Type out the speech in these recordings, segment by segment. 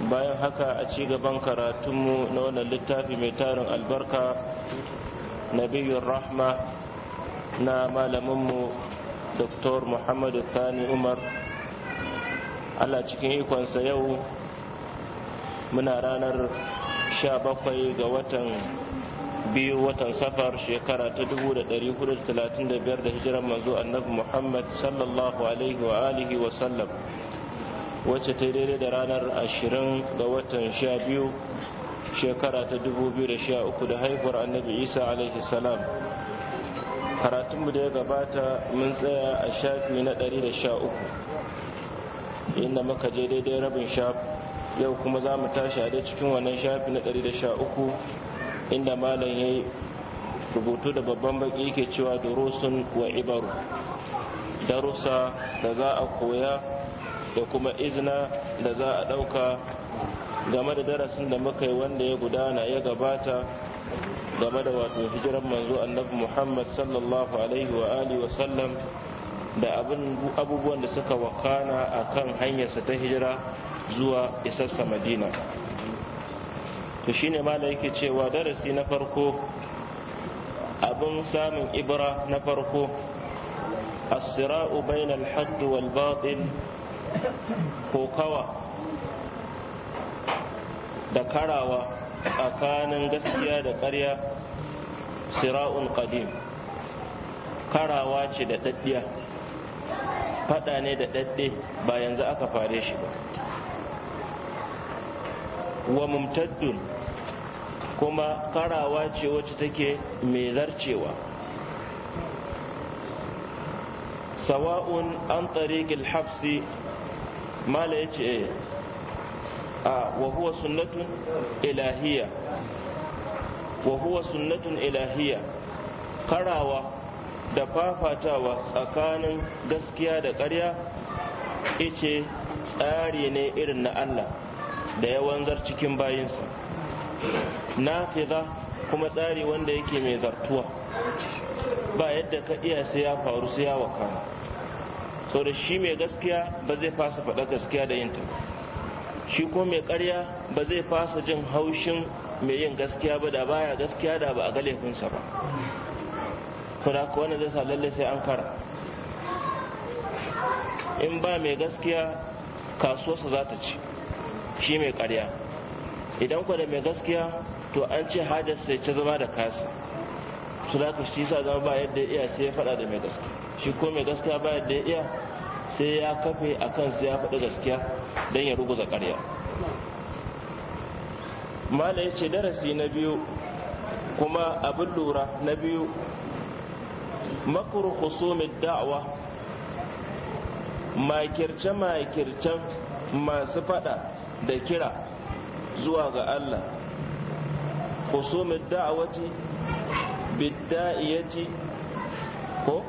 bayan haka a ci gaban karatunmu na wannan littafi mai tarin albarka nabiyun rahma na malaminmu dr muhammadu thani umar allah cikin ikonsa yau muna ranar 17 ga watan biyu watan safar shekara ta 1435 da hijiran manzo annabi muhammad sallallahu alaihi wa alihi wa sallam wacce ta daidai da ranar ashirin ga watan sha biyu shekara ta dubu biyu da sha uku da haihuwar annabi isa alaihi salam karatunmu da ya gabata mun tsaya a shafi na ɗari da sha uku inda muka je daidai rabin shafi yau kuma za mu tashi a cikin wannan shafi na ɗari da sha uku inda malam ya yi rubutu da babban baki ke cewa durusun wa ibaru darussa da za a koya da kuma izina da za a ɗauka game da darasin da muka yi wanda ya gudana ya gabata game da wato hijiran manzo annabi muhammad sallallahu alaihi wa alihi wa sallam da abubuwan da suka wakana a kan hanyarsa ta hijira zuwa isassa madina to shine ma yake cewa darasi na farko abin samun ibra na farko الصراع بين الحق والباطل kokawa da karawa tsakanin gaskiya da ƙarya sira'un qadim karawa ce da daddiya fada ne da dadde ba yanzu aka fare shi ba wa mumtaddun kuma karawa ce wacce take mai zarcewa sawa'un an tsari gilhafsi mala ya ce eh, a wa sunnatun ilahiyya wa huwa sunnatun ilahiyya karawa da fafatawa tsakanin gaskiya da ƙarya ice tsari ne irin na Allah da ya wanzar cikin bayinsa nafiza kuma tsari wanda yake mai zartuwa ba yadda ka iya sai ya faru sai ya wakana sau da shi mai gaskiya ba zai fasa faɗa gaskiya da yinta shi ko mai ƙarya ba zai fasa jin haushin mai yin gaskiya ba da baya gaskiya da ba a ga laifinsa ba kuna ko wani zai sa sai an kara in ba mai gaskiya kasuwarsa za ta ci shi mai ƙarya idan kwa da mai gaskiya to an ce hajarsa ya ci zama da kasa su da shi sa zama ba yadda iya sai ya faɗa da mai gaskiya shi ko mai gaskiya ba da ya iya sai ya kafe a kan sai ya faɗi gaskiya don ya ruguza ƙarya mala ya ce darasi na biyu kuma abin lura na biyu makuru husumin da'awa makirce-makircen masu faɗa da kira zuwa ga Allah husumin biddai bidda'iyati ko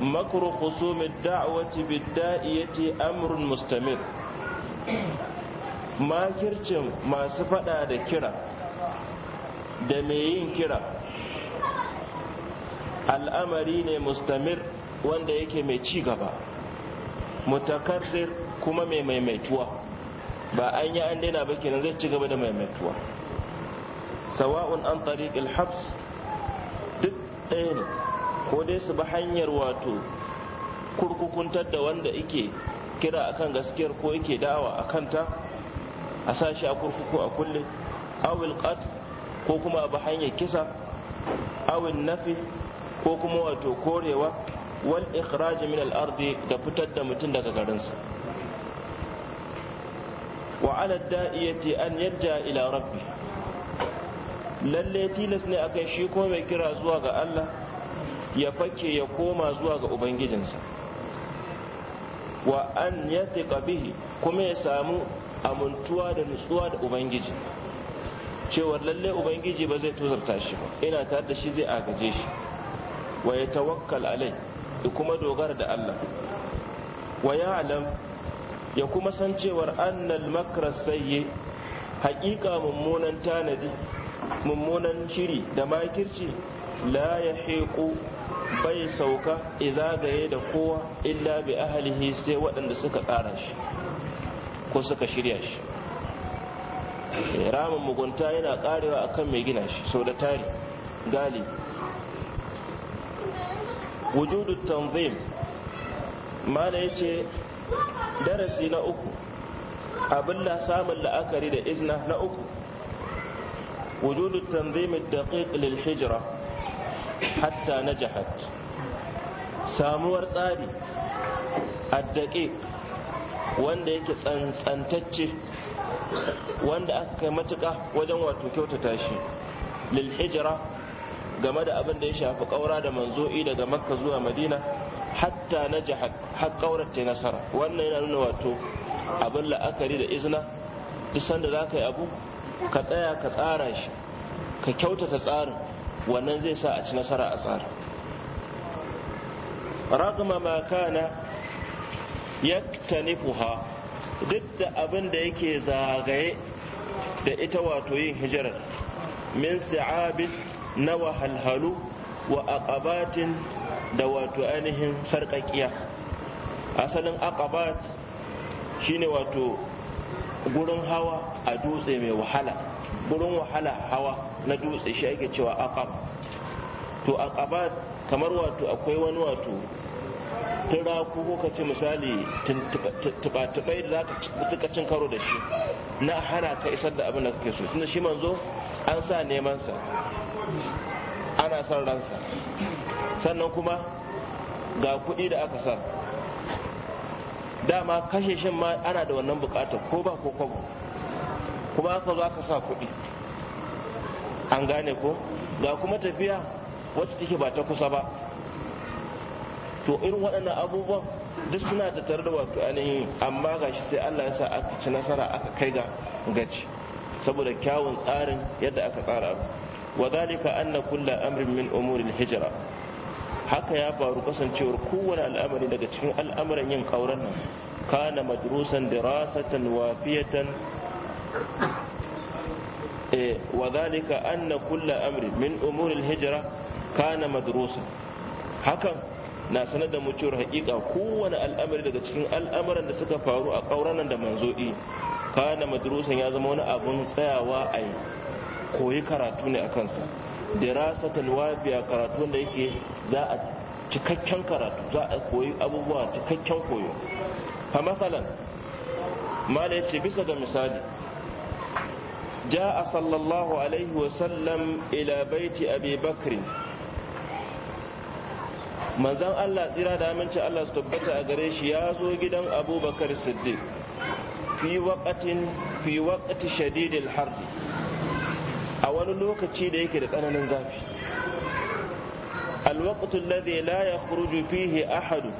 مكر خصوم الدعوة بالدائية أمر مستمر makircin masu faɗa da kira da mai yin kira al'amari ne mustamir wanda yake mai ci gaba mutakarrir kuma mai maimaituwa ba an yi an daina ba kenan zai ci gaba da maimaituwa sawa'un an tariq habs duk ɗaya ne ko dai su bi hanyar wato kurkukuntar da wanda ike kira akan gaskiyar ko yake dawa a kanta a sashi a kurkuku a kulle awil qat ko kuma a bi hanyar kisa awil nafi ko kuma wato korewa wal ikhraj min al ardi da fitar da mutum daga garinsa wa ala da'iyati an yarja ila rabbi lalle tilas ne akan shi ko mai kira zuwa ga Allah ya fake ya koma zuwa ga ubangijinsa wa an ya bihi kuma ya samu amintuwa da nutsuwa da ubangiji cewar lalle ubangiji ba zai tozarta shi ba ina tare da shi zai agaje shi wa ya tawakkal alai da kuma dogara da Allah wa ya alam ya kuma san cewar annal makras sayye haƙiƙa mummunan tanadi mummunan shiri da makirci la ya bai sauka izagaye da kowa illa bi ahalihi sai waɗanda suka tsara shi ko suka shirya shi eh, ramin mugunta yana karewa akan mai gina shi sau da tari gali wujudu tanzim ya ce darasi na uku abin da samun la'akari da izna na uku wujudu tanzimin daƙiƙ lil hijira hatta na samuwar tsari addaƙiƙ wanda yake tsantsantacce wanda aka kai matuƙa wajen wato kyautata shi lil hijira game da abin da ya shafi ƙaura da manzo'i daga makka zuwa madina hatta na jihar har ta nasara wannan yana nuna wato abin la'akari da izina duk sanda za ka yi abu ka tsaya ka tsara shi ka kyautata tsarin wannan zai sa a ci nasara a tsari ragama ma kana yaktanifuha duk da abin da yake zagaye da ita wato yin hijirar min sa'abin na wahalhalu wa aqabatin da wato ainihin sarƙaƙiya asalin aqabat shine wato gurin hawa a dutse mai wahala Burin wahala hawa na dutse shi ake cewa aqab to aqabat kamar wato akwai wani wato turaku ko ka ce misali tubatubai da zaka ka cin karo da shi na hana ka isar da abin da kake so tunda shi manzo an sa neman sa ana son ransa sannan kuma ga kuɗi da aka sa dama kashe shin ma ana da wannan bukatar ko ba ko kwabo kuma ka zo aka sa kuɗi an gane ko ga kuma tafiya wacce take ba ta kusa ba to irin waɗannan abubuwan duk suna da tare da wato ainihin amma ga shi, sai Allah ya sa aka ci nasara aka kai ga gaci saboda kyawun tsarin yadda aka tsara abu wa zalika anna kulla amrin min umuril hijra haka ya faru kasancewar kowane al'amari daga cikin al'amuran yin kauran nan kana madrusan dirasatan wafiyatan eh wa anna kulla amri min umuril hijra kana madrusa hakan na sanar da mu cewa hakika kowane al'amari daga cikin al'amuran da suka faru a kauranan da manzo manzo'i kana madrusan ya zama wani abun tsayawa a yi koyi karatu ne a kansa dirasatul wafiya karatu da yake za a cikakken karatu za a koyi abubuwa cikakken koyo fa masalan mala ce bisa ga misali جاء صلى الله عليه وسلم إلى بيت أبي بكر manzan Allah tsira da aminci Allah su tabbata a gare shi ya zo gidan abubakar siddiq fi waƙatin fi waƙati shadidil harbi a wani lokaci da yake da tsananin zafi alwaqtul ladhi la yakhruju fihi ahadu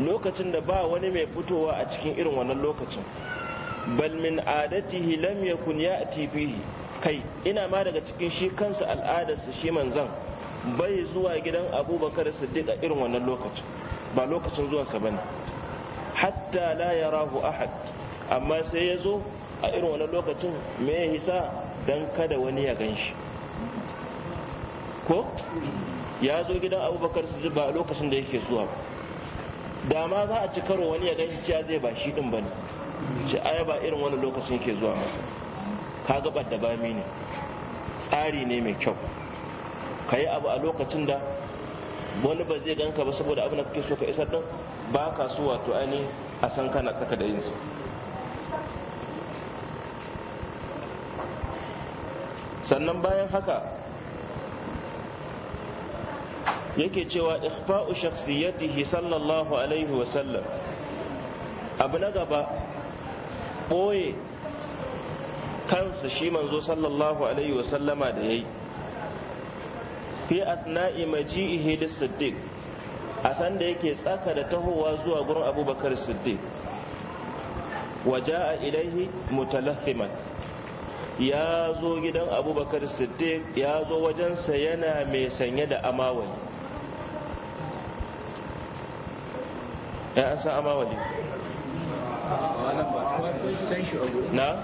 lokacin da ba wani mai fitowa a cikin irin wannan lokacin bal min adatihi lam yakun ya'ti bihi kai ina ma daga cikin shi kansa al'adarsa shi manzan bai zuwa gidan abubakar siddiq a irin wannan lokacin ba lokacin zuwansa bane hatta la yarahu ahad amma sai ya zo a irin wannan lokacin me ya hisa dan kada wani ya ganshi? ko ya zo gidan abubakar siddiq ba lokacin da yake zuwa ba da ma za a ci karo wani ya ganshi cewa zai ba shi din bane shi aya ba irin wani lokacin ke zuwa masa ka gabar da bami ne tsari ne mai kyau ka yi abu a lokacin da wani ba zai ganka ba saboda abin da kake so ka isar din ba ka so wato ainihin a san kana tsaka da yinsa sannan bayan haka yake cewa ikhfa'u shakhsiyatihi sallallahu alaihi wasallam abu na gaba ɓoye kansa shi manzo sallallahu alaihi wasallama da ya yi fi asna'i maji'ihi da siddiq a sanda yake tsaka da tahowa zuwa gurin abubakar siddiq waja'a ilaihi mutalaffiman ya zo gidan abubakar siddiq ya zo wajensa yana mai sanye da amawali ya an san amawali na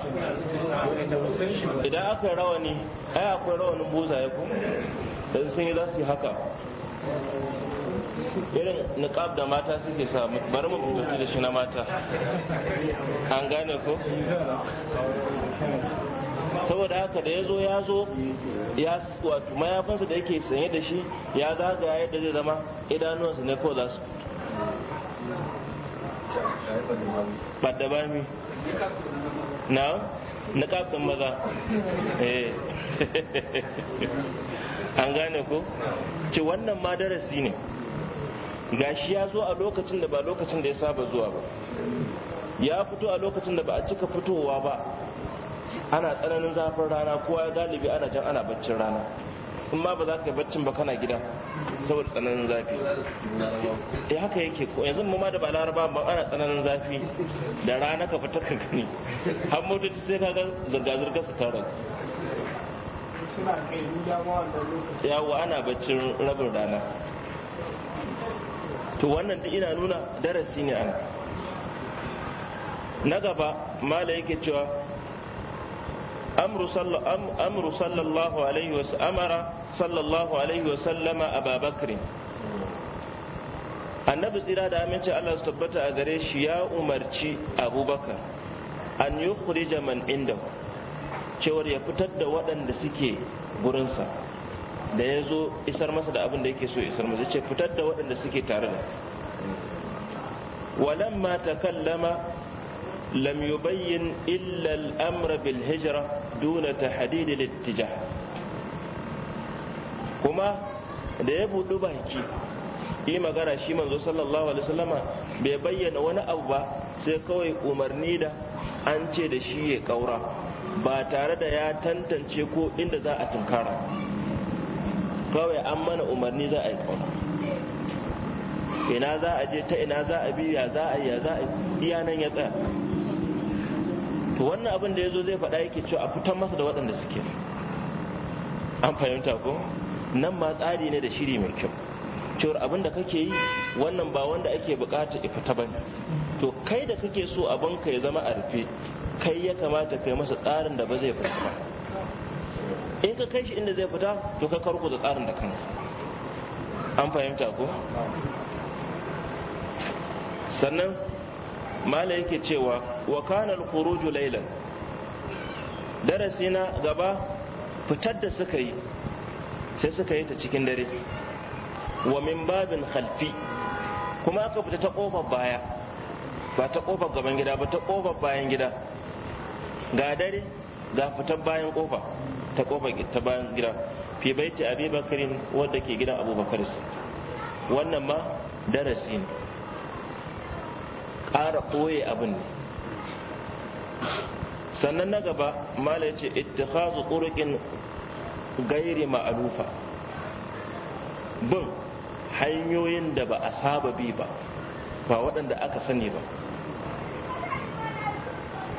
idan aka yi rawani ai akwai rawanin buza ya ku da sun yi za su yi haka irin niqab da mata suke sa bari mu fitoci da shi na mata an gane ko saboda haka da ya zo ya zo ya wato mayafinsa da yake sanye da shi ya zagaya yadda zai zama idanuwansa ne ko za su ba mi na na kafin maza eh. an gane ko ce wannan ma darasi ne gashi ya zo a lokacin da ba lokacin da ya saba zuwa ba ya fito a lokacin da ba a cika fitowa ba ana tsananin zafin rana kowa galibi ana can ana baccin rana in ma ba za ka yi baccin ba kana gida saboda tsananin zafi ya eh, haka yake ko yanzu ma da ba laraba ba ana tsananin zafi da rana ka fita ka gani har motoci sai ka ga zirga zirga su tara yawa ana baccin rabin rana to wannan duk ina nuna darasi ne ana na gaba mala yake cewa amru sallallahu alaihi wa sallama sallallahu alaihi wasallama a babakrin annabi tsira da amince allah su tabbata a gare shi ya umarci abubakar an yi kurija man inda cewar ya fitar da waɗanda suke gurinsa da ya zo isar masa da abin da yake so isar masa ce fitar da waɗanda suke tare da walamma takallama lam yubayyin illa al'amra bil hijra duna tahdidil ittijah kuma da ya budu baki yi magana shi manzo sallallahu alaihi wasallama bai bayyana wani abu ba sai kawai umarni da an ce da shi ya kaura ba tare da ya tantance ko inda za a tunkara kawai an mana umarni za a yi kaura ina za a je ta ina za a biya za a yi ya za a iya nan ya tsaya to wannan abin da ya zo zai faɗa yake cewa a fitan masa da waɗanda suke an fahimta ko nan ma tsari ne da shiri mai kyau cewar abin da kake yi wannan ba wanda ake bukata ya fita ba to kai da kake so abin ka ya zama a rufe kai ya kamata kai masa tsarin da ba zai fita ba in ka kai shi inda zai fita to ka karko da tsarin da kanka an fahimta ko sannan mala yake cewa wa kana al-khuruju laylan darasi na gaba fitar da suka yi sai suka yi ta cikin dare wa min babin khalfi kuma aka fita ta kofar baya ba ta kofar gaban gida ba ta kofar bayan gida ga dare ga fitar bayan kofa ta kofar ta bayan gida fi baiti abubakarin bakarin wanda ke gidan abubakar wannan ma darasi ne ƙara koye abin ne sannan na gaba mala ya ce ittihazu ƙurƙin gairi ma'alufa bin hanyoyin da ba a saba bi ba ba waɗanda aka sani ba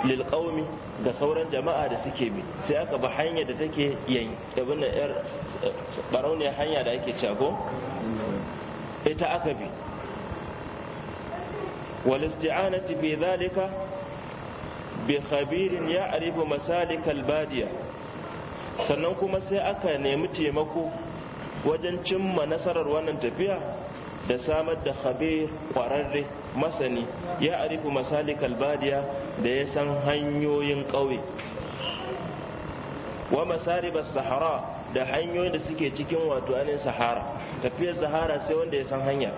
lilƙaumi ga sauran jama'a da suke bi sai aka ba hanya da take yanki abin da yar ɓarauniyar hanya da ake cago ita aka bi والاستعانة في ذلك بخبير يعرف مسالك البادية sannan kuma sai aka nemi taimako wajen cimma nasarar wannan tafiya da samar da khabir kwararre masani ya arifu masalik albadiya da ya san hanyoyin ƙauye wa masaribar sahara da hanyoyin da suke cikin wato anin sahara tafiyar sahara sai wanda ya san hanya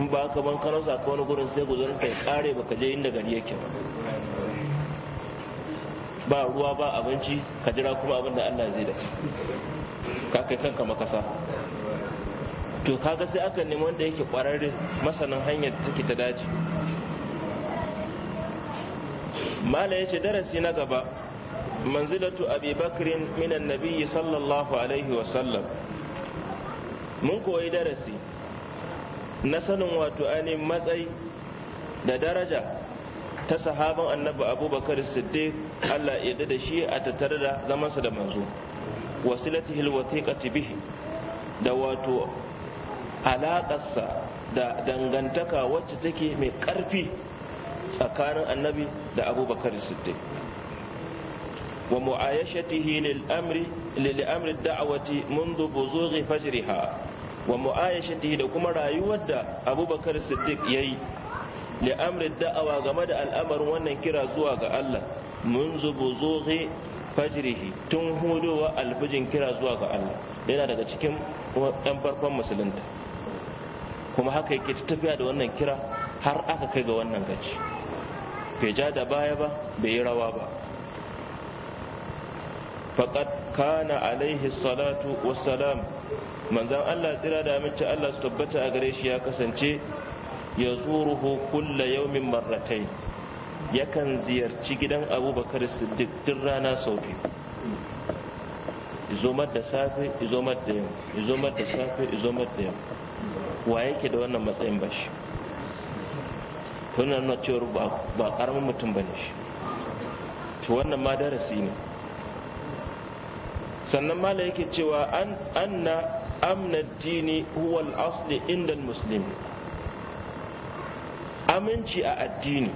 in ba ka ban karo sa wani gurin sai guzurin ya kare baka je inda gari yake ba ruwa ba abinci ka jira kuma abin da Allah zai da ka kai kanka makasa to kaga sai aka nemi wanda yake kwararre masanin hanyar da take ta dace mala yace darasi na gaba manzilatu abi bakrin minan nabiyyi sallallahu alaihi wa sallam mun koyi darasi na sanin wato ainihin matsayi da daraja ta sahaban annabi abubakar siddiq allah ya da shi a tattare da zamansa da manzo wasilatihil wathiqati bihi da wato alaƙarsa da dangantaka wacce take mai ƙarfi tsakanin annabi da abubakar siddiq wa mu'ayashatihi lil amri lil amri da'wati mundu buzughi fajriha wa mu'ayashatihi da kuma rayuwar da abubakar siddiq ya yi li'amrin da'awa game da al'amarin wannan kira zuwa ga allah zubu Zuhi fajrihi tun hudowa alfijin kira zuwa ga allah yana daga cikin ɗan farkon musulunta kuma haka yake tafiya da wannan kira har aka kai ga wannan gaci bai ja da baya ba bai yi rawa ba faqad kana alaihi salatu wassalam manzan Allah tsira da aminci Allah su tabbata a gare shi ya kasance ya zuruhu kulla yaumin marratai yakan ziyarci gidan abubakar siddiq duk rana sau Izo izomar da safe izomar da yau izomar da safe izomar da yau wa yake da wannan matsayin ba shi tunan na cewar ba karamin mutum ba ne shi to wannan ma darasi ne sannan mala yake cewa an anna amna dini huwa al-asli inda muslim aminci a addini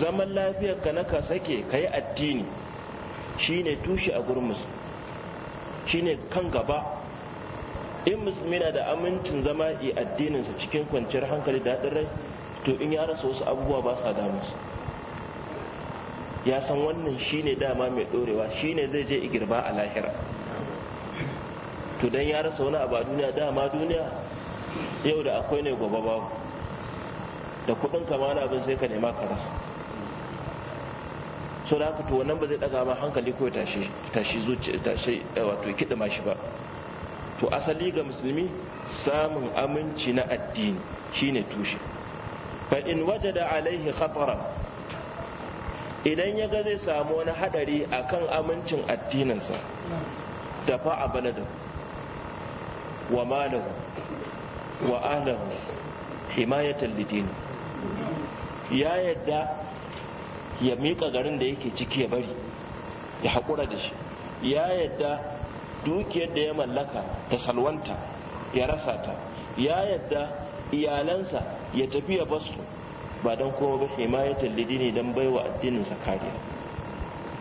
zaman lafiyar ka na ka sake ka yi addini shine tushe a gurin shi shine kan gaba in musulmi na da amincin zama yi addininsa cikin kwanciyar hankali da haɗin rai to in ya rasa wasu abubuwa ba sa damu ya san wannan shine dama mai ɗorewa shine zai je igirba a lahira to dan ya rasa wani abu a duniya dama duniya yau da akwai ne gobe ba da kudin ka ma abin sai ka nema ka rasa so da haka to wannan ba zai daga ma hankali ko tashi tashi zuci tashi eh, wato kidima mashi ba to asali ga musulmi samun aminci na addini shine tushe fa in wajada alaihi khatara idan ya ga zai samu wani hadari akan amincin addininsa da fa a baladin wa malahu wa ahlahu himayatan lidini ya yadda ya miƙa garin da yake ciki ya bari ya haƙura da shi ya yadda dukiyar da ya mallaka ta salwanta ya rasa ta ya yadda iyalansa ya tafi ya basu ba don kuma ba himayatan lidini don baiwa addininsa kariya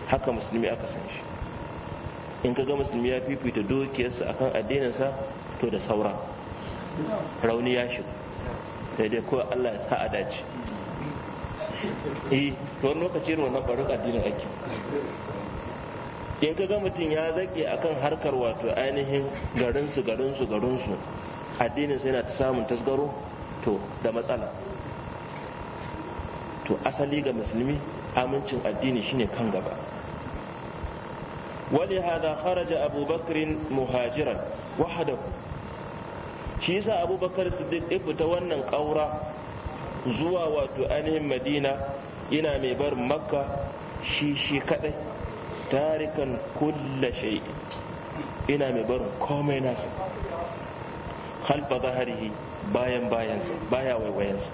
haka musulmi aka san shi in ka ga musulmi ya fifita dukiyarsa akan addininsa fito da sauran rauni ya shigo daidai ko Allah ya sa a dace eh to wani lokaci ruwa na barin addinin ake in ka ga mutum ya zaƙe akan harkar wato ainihin garinsu garinsu garinsu addinin sai na ta samun tasgaro to da matsala to asali ga musulmi amincin addini shine kan gaba ولهذا خرج أبو بكر muhajiran وحده shi yasa abubakar siddiq ya fita wannan ƙaura zuwa wato ainihin madina yana mai bar makka shi shi kadai tarikan kulla shay ina mai barin komai nasa khalfa zaharihi bayan bayansa baya waiwayansa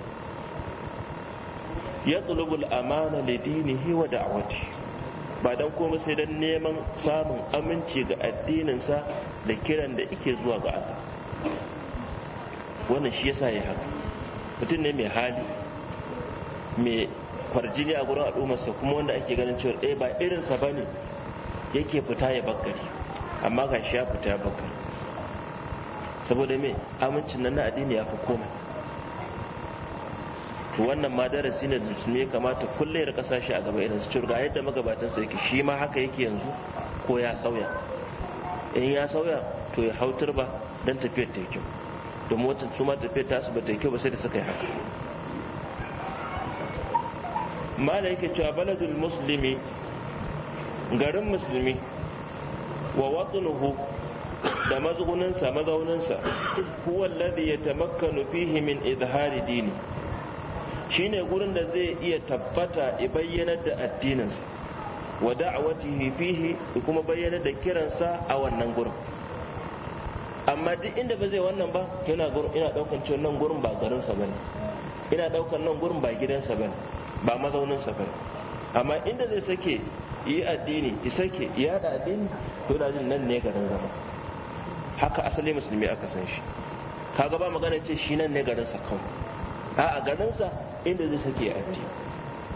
ya tsulubul amana lidinihi wa da'awati ba don kuma sai don neman samun aminci ga addininsa da kiran da ike zuwa ga Allah wannan shi yasa ya haka mutum ne mai hali mai kwarjini a gurin al'ummarsa kuma wanda ake ganin cewa ɗaya eh, ba irinsa ba ne yake fita ya bakari amma ga shi ya fita ya bakari saboda me amincin nan na addini ya fi koma to wannan ma darasi ne da musulmi ya kamata kullum ya kasa a gaba irin su ga yadda magabatansa yake shi ma haka yake yanzu ko ya sauya in ya sauya to ya hautar ba don tafiyar ta kyau domin su mata tafiyar tasu ba ta kyau ba sai da suka yi haka mala yake cewa baladul musulmi garin musulmi wa watsunuhu da mazauninsa mazauninsa ya ya yatamakkanu fihi min izhari dini shine gurin da zai iya tabbata ya bayyanar da addininsa wa da'awatihi fihi da kuma bayyanar da kiransa a wannan gurin amma duk inda ba zai wannan ba yana ina daukan cewa nan gurin ba garin sa bane ina daukan nan gurin ba gidansa bane ba mazaunin sa bane amma inda zai sake yi addini ya sake ya da addini to da jin nan ne garin zama haka asali musulmi aka san shi kaga ba magana ce shi nan ne garin sa kan a a garin sa inda zai sake addini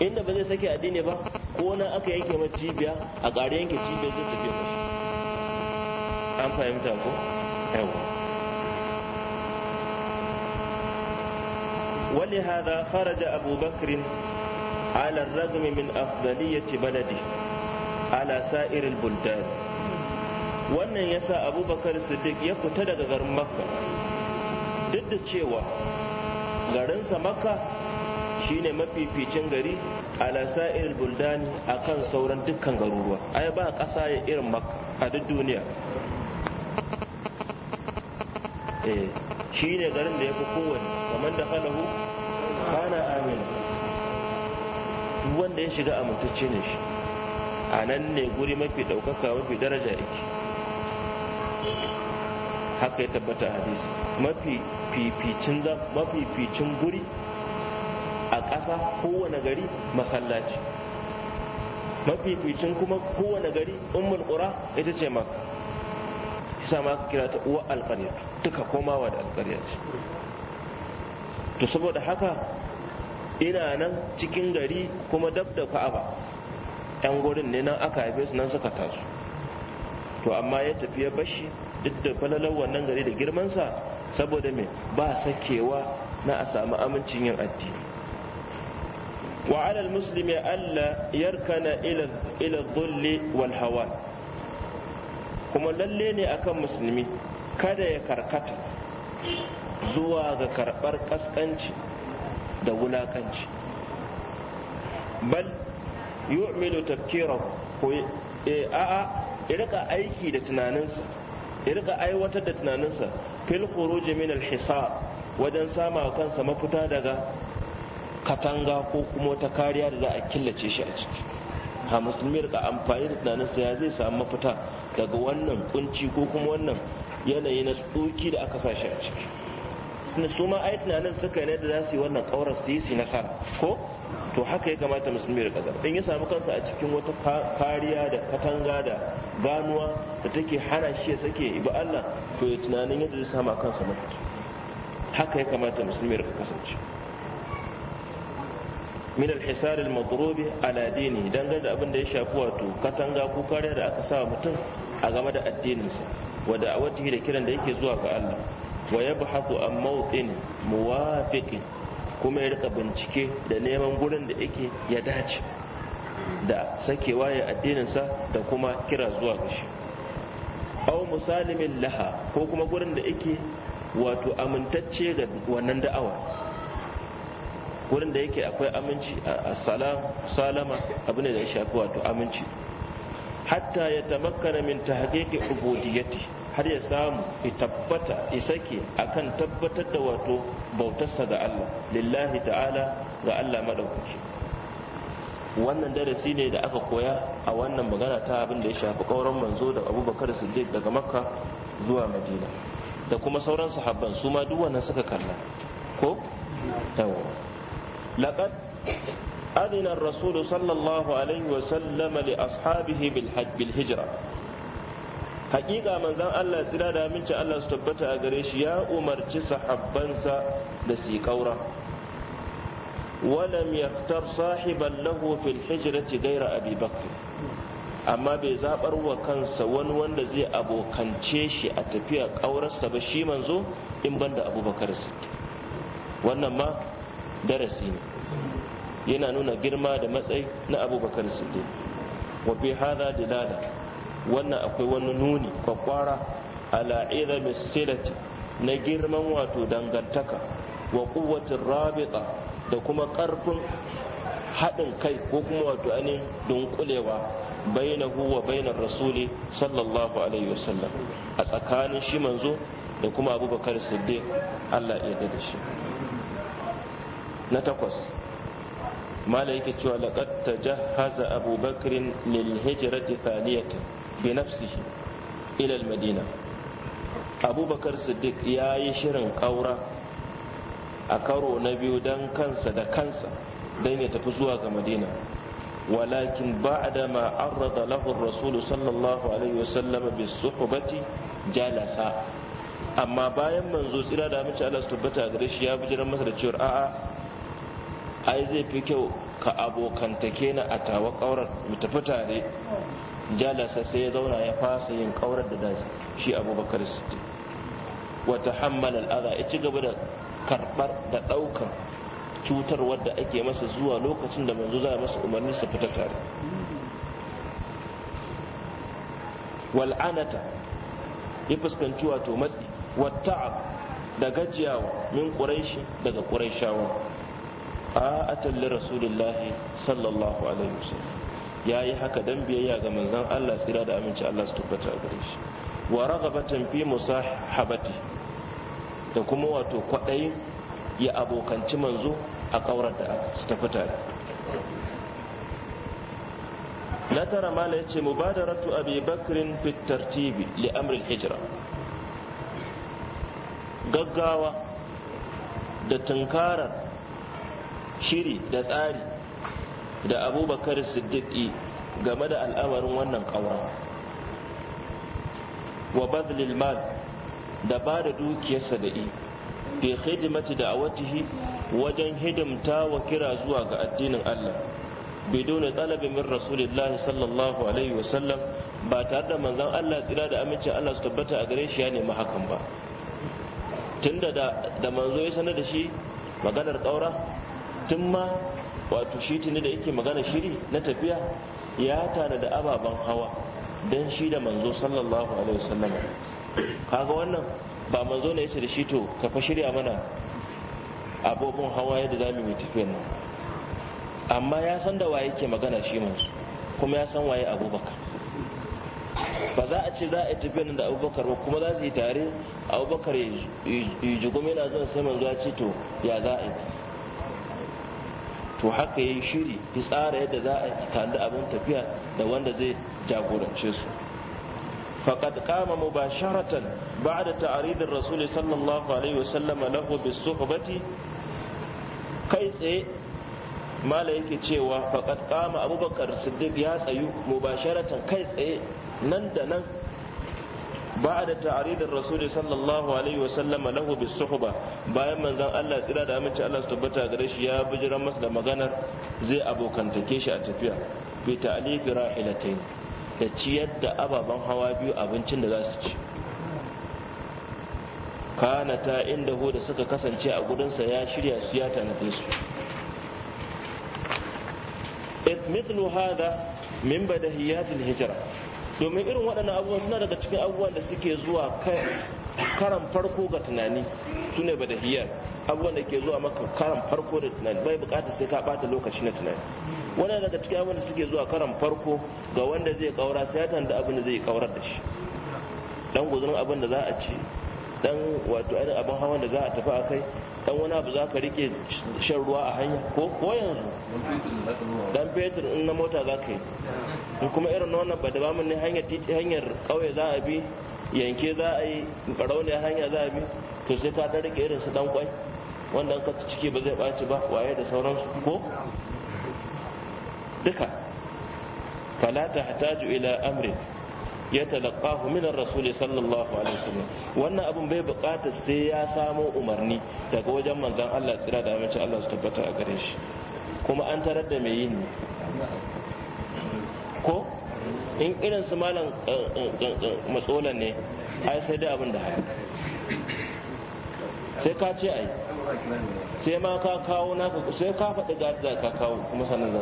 inda ba zai sake addini ba ko nan aka yanke cibiya, a ƙari yanke cibiyar zai tafi an fahimta ko ولهذا خرج أبو بكر على الرغم من أفضلية بلده على سائر البلدان wannan ya sa abubakar siddiq ya fita daga garin makka duk da cewa garinsa makka shine mafificin gari ala sa'ir buldani akan sauran dukkan garuruwa ai ba ƙasa ya irin makka a duk duniya Eh, shi ne garin da ya fi kowane kamar da falahu kana amina duk wanda ya shiga amintacce ne shi a nan ne guri mafi ɗaukaka mafi daraja yake haka ya tabbata hadisi mafi fificin mafi ficin guri a ƙasa kowane gari masallaci mafi ficin kuma kowane gari ummul qura ita ce maka kisa ma aka kira ta uwa alƙarya duka komawa da alƙarya ce to saboda haka ina nan cikin gari kuma dab da ka'aba yan gurin ne nan aka haife su nan suka taso to amma ya tafi ya bashi duk da falalar wannan gari da girmansa saboda me ba sakewa na a samu amincin yin addini wa alal muslimi alla yarkana ila ila dhulli wal hawa kuma lalle ne akan musulmi kada ya karkata zuwa ga karɓar ƙasƙanci da wulaƙanci bal yu'milu takkira ko eh, a'a ya rika aiki da tunaninsa ya rika aiwatar da tunaninsa fil khuruj min al hisab wajen sama kansa mafita daga katanga ko kuma wata kariya da za a killace shi a ciki a musulmi ka amfani da tunanin sa zai samu mafita daga wannan kunci ko kuma wannan yanayi na tsoki da aka sashi a ciki na su ma ai tunanin suka ne da za su yi wannan kaurar su yi nasara ko to haka ya kamata musulmi da kaza in ya samu kansa a cikin wata kariya da katanga da ganuwa da take hana shi ya sake ibi Allah to ya tunanin yadda zai a kansa mafita haka ya kamata musulmi da kasance min alhisar almadrubi ala dini dan da abin da ya shafi wato katanga ko kariya da aka sa mutum a game da addininsa wa da'awatihi da kiran da yake zuwa ga Allah wa yabhathu an mawqin muwafiqin kuma ya rika bincike da neman gurin da yake ya dace da sakewa ya addininsa da kuma kira zuwa ga shi aw musalimin laha ko kuma gurin da yake wato amintacce ga wannan da'awa wurin da yake akwai aminci a salama abu ne da ya shafi wato aminci hatta ya tamakkana min ta tahqiqi ubodiyati har ya samu ya tabbata ya sake kan tabbatar da wato bautarsa ga Allah lillahi ta'ala ga Allah maɗaukaki wannan darasi ne da aka koya a wannan magana ta abin da ya shafi ƙauran manzo da abubakar siddiq daga makka zuwa madina da kuma sauran sahabban su ma duk suka kalla ko لقد أذن الرسول صلى الله عليه وسلم لأصحابه بالهجرة hakika manzan Allah tsira da aminci Allah su tabbata a gare shi ya umarci sahabbansa da siƙaura. kaura walam yaftar sahiban lahu fil hijrati gaira abi amma bai zabar wa kansa wani wanda zai abokance shi a tafiya ƙaurarsa ba shi manzo in banda abubakar siddiq wannan ma darasi ne yana nuna girma da matsayi na abubakar siddiq wafi hada da dilala wannan akwai wani nuni kwakwara ala izami na girman wato dangantaka wa kuwatin rabita da kuma karfin haɗin kai ko kuma wato ainihin dunkulewa bainahu wa bainar rasuli sallallahu alaihi wasallam a tsakanin shi manzo da kuma abubakar siddiq allah ya da shi na takwas mala yake cewa laqad tajahhaza Abu Bakr lil hijrati thaniyatan bi nafsihi ila al Madina Abu Bakar Siddiq yayi shirin ƙaura a karo na biyu dan kansa da kansa dan ya tafi zuwa ga Madina ولكن بعدما عرض له rasul sallallahu alaihi wasallam bi suhbati jalasa amma bayan manzo tsira da mace Allah su tabbata gare shi ya bijiran masa da cewa a'a ai zai fi kyau ka abokantake na a tawa ƙaurar mu tafi tare jalasa sai ya zauna ya fasa yin ƙaurar da dace shi abubakar siddiq wata hammalal al'ada ya ci gaba da karɓar da ɗaukar cutar wadda ake masa zuwa lokacin da manzo za masa umarni su fita tare wal'anata ya fuskanci wato matsi wata da gajiyawa min ƙuraishi daga ƙuraishawa ta'atan li rasulillah sallallahu alaihi wasallam yayi haka dan biyayya ga manzon Allah sira da aminci Allah su tabbata gare shi wa raghabatan fi musahabati da kuma wato kwadai ya abokanci manzo a kaurar da su tabbata la na tara mala ya ce mubadaratu abi bakrin fitar tartibi li amril hijira gaggawa da tunkarar shiri da tsari da abubakar siddiqi game da al'amarin wannan ƙaura wa bazlil mal da ba da dukiyarsa da i bi khidmati awatihi wajen hidimta wa kira zuwa ga addinin Allah bidon talabi min rasulillahi sallallahu alaihi wasallam ba tare da manzon Allah tsira da aminci Allah su tabbata a gare shi ya nemi hakan ba tunda da da manzo ya sanar da shi maganar ƙaura tun ma wato shi tuni da yake magana shiri na tafiya ya tana da ababen hawa don shi da manzo sallallahu alaihi wasallam kaga wannan ba manzo ne yace da shi to ka fa shirya mana abubuwan hawa yadda za mu yi tafiyar nan amma ya san da waye yake magana shi manzo kuma ya san waye abubakar ba za a ce za a yi tafiyar nan da abubakar ba kuma za su yi tare abubakar ya jigumi na zuwa sai manzo ya ce to ya za a yi to haka yayi shiri ya tsara yadda za a kalli abin tafiya da wanda zai jagorance su faqad qama mubasharatan ba'da ta'rid ar-rasul sallallahu alaihi wa sallam lahu bis-suhbati kai tsaye mala yake cewa faqad qama abubakar siddiq ya tsayu mubasharatan kai tsaye nan da nan بعد تعريض الرسول صلى الله عليه وسلم له بالصحبة bayan manzon Allah tsira da aminci Allah su tabbata gare shi ya bijiran masa da maganar zai abokantake shi a tafiya bi ta'liqi rahilatayn da ciyar da ababen hawa biyu abincin da za su ci kana ta inda da suka kasance a gurinsa ya shirya su ya tanade su mithlu hada min badahiyatil hijra domin irin waɗannan abubuwan suna daga cikin abubuwan da suke zuwa karan farko ga tunani su ne ba da hiyar abubuwan da ke zuwa maka karan farko da tunani bai bukata sai ka bata lokaci na tunani wannan daga cikin abubuwan da suke zuwa karan farko ga wanda zai kaura sai ya tanda abin da zai kaurar da shi dan guzurin abin da za a ci dan wato ainihin abin hawan da za a tafi a kai dan wani abu za ka rike shan ruwa a hanya ko koyan yanzu dan fetur in na mota za ka yi in kuma irin wannan ba da ba ne hanyar titi hanyar kauye za a bi yanke za a yi barauniyar hanya za a bi to sai ka dan rike irin su dan kwai wanda ka ciki ba zai ɓaci ba waye da sauransu ko duka fala ta hataju ila amrin ya talaqahu min ar-rasul sallallahu alaihi wasallam wannan abun bai bukata sai ya samo umarni daga wajen manzon Allah tsira da mace Allah su tabbata a gare shi kuma an tarar da mai yin ko in irin su malam eh, eh, eh, matsola ne ai sai dai abin da haka sai ka ce ai sai ma ka kawo naka sai ka faɗi ga da ka kawo kuma sanar da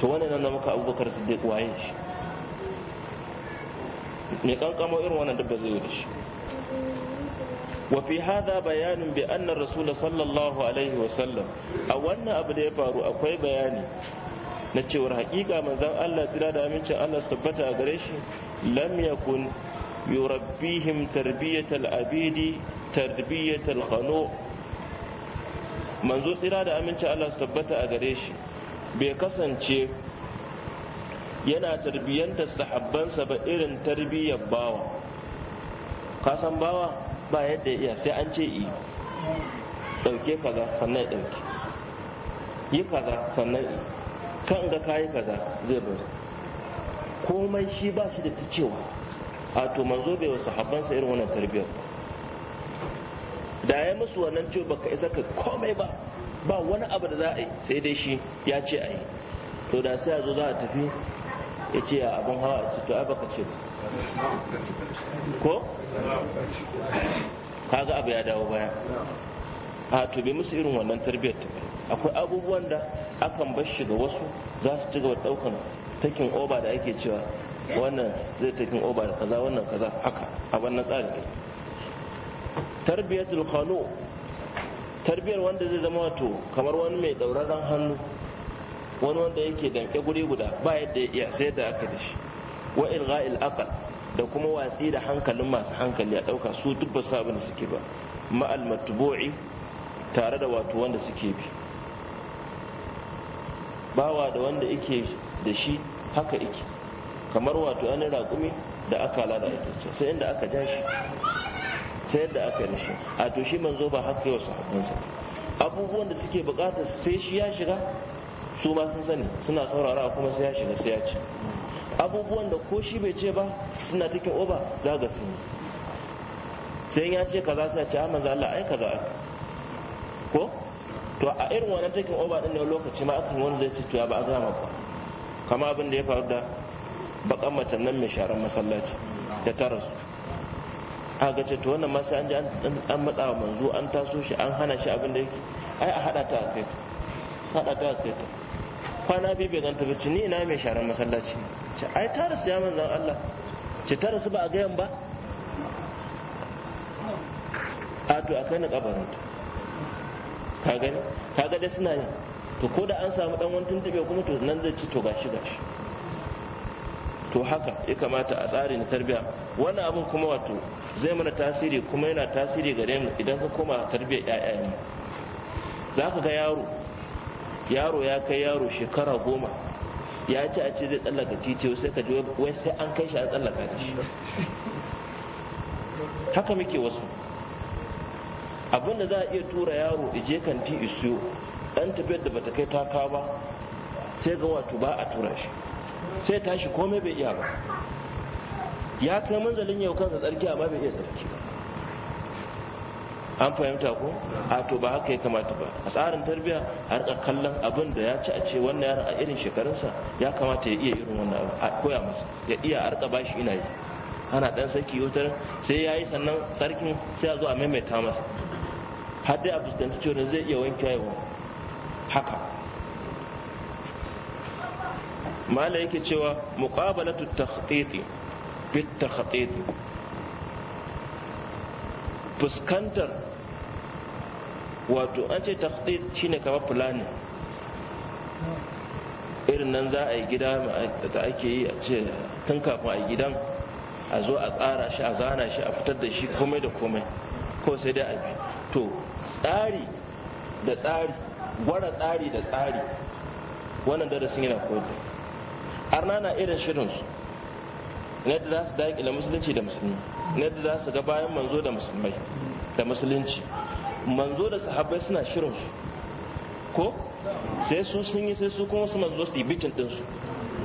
to wannan nan muka abubakar siddiq waye shi mai kankamo irin wannan duk ba zai yi da shi wa fi hada bayanin bi anna rasul sallallahu alaihi wa sallam a wannan abu da ya faru akwai bayani na cewar hakika manzon Allah tsira da amincin Allah su tabbata a gare shi lam yakun yurabbihim tarbiyatal abidi tarbiyatal qanu manzo tsira da amincin Allah su tabbata a gare shi bai kasance yana tarbiyyantar sahabbansa ba irin tarbiyyar bawa kasan bawa ba yadda ya iya sai an ce yi ɗauke kaza sannan ya ɗauke yi kaza sannan yi kan ga kayi kaza zai bari komai shi ba shi da ta cewa a to manzo bai wa sahabbansa irin wannan tarbiyyar da ya musu wannan cewa baka isa ka komai ba ba wani abu da za a yi sai dai shi ya ce a yi to da sai a zo za a tafi ya ce ya abin hawa a cikin abin ka ce ko kaga abu ya dawo baya a to bai musu irin wannan tarbiyyar ta akwai abubuwan da akan bar shi ga wasu za su ci gaba daukan takin oba da ake cewa wannan zai takin oba da kaza wannan kaza haka a wannan tsarin ne tarbiyyar khalo tarbiyar wanda zai zama wato kamar wani mai dauraron hannu wani wanda yake danke guri guda ba yadda ya iya sai da aka da shi wa ilgha'il aqal da kuma watsi da hankalin masu hankali a dauka su duk ba sabu ne suke ba ma'al matbu'i tare da wato wanda suke bi bawa da wanda yake da shi haka yake kamar wato an raƙumi da aka lada ake sai inda aka ja shi sai yadda aka yi shi a to shi manzo ba haka yau sahabbansa abubuwan da suke bukatar sai shi ya shiga su ma sun sani suna saurara kuma sai ya shiga sai ya ci abubuwan da ko shi bai ce ba suna take oba za ga sun sai ya ce kaza sai ce amma ah, Allah ai kaza ko to a irin wannan take oba din ne lokaci ma akan wani zai ce to ya ba ma ba kama abin da ya faru da bakan macen nan mai sharan masallaci da ta rasu a ga ce to wannan ma sai an ji an matsa manzo an taso shi an hana shi abin da yake ai a hada ta a kai hada ta a kai ta kwana biyu bai zanta bacci ni ina mai sharan masallaci ce ai ta rasu ya manzan Allah ce ta rasu ba a gayan ba a to akai na kabarin ka gani ka ga dai suna yin to ko da an samu dan wani tuntube kuma to nan zai ci to gashi gashi to haka ya kamata a tsari na tarbiya wannan abin kuma wato zai mana tasiri kuma yana tasiri gare mu idan ka koma tarbiyyar ƴaƴayen za ka ga yaro yaro ya kai yaro shekara goma ya ci a ce zai tsallaka titi sai ka ji wai sai an kai shi a tsallaka da shi haka muke wasu abinda za a iya tura yaro ije kanti isiyo dan tafiyar da bata kai taka ba sai ga wato ba a tura shi sai tashi komai bai iya ba ya kai manzalin yau kansa tsarki amma bai iya tsarki ba an fahimta ko a to ba haka ya kamata ba a tsarin tarbiyya a rika kallon abin da ya ci a ce wannan yaron a irin shekarunsa ya kamata ya iya irin wannan abu a koya masa ya iya a rika bashi ina yi ana dan sarki wutar sai ya yi sannan sarkin sai a zo a maimaita masa har dai a fuskanci cewa zai iya wanke yawa haka mala yake cewa muqabalatu takhtiti bit takhtiti fuskantar wato an ce takhtit shine kamar planning irin nan za a yi gida da ake yi a ce tun kafin a gidan a zo a tsara shi a zana shi a fitar da shi komai da komai ko sai dai a bi to tsari da tsari gwara tsari da tsari wannan yi yana kodi arna na irin shirinsu na yadda za su daƙila musulunci da musulmi na yadda za su ga bayan manzo da musulmai da musulunci manzo da sahabbai suna shirin su ko sai su sun yi sai su kuma su manzo su yi bitin ɗinsu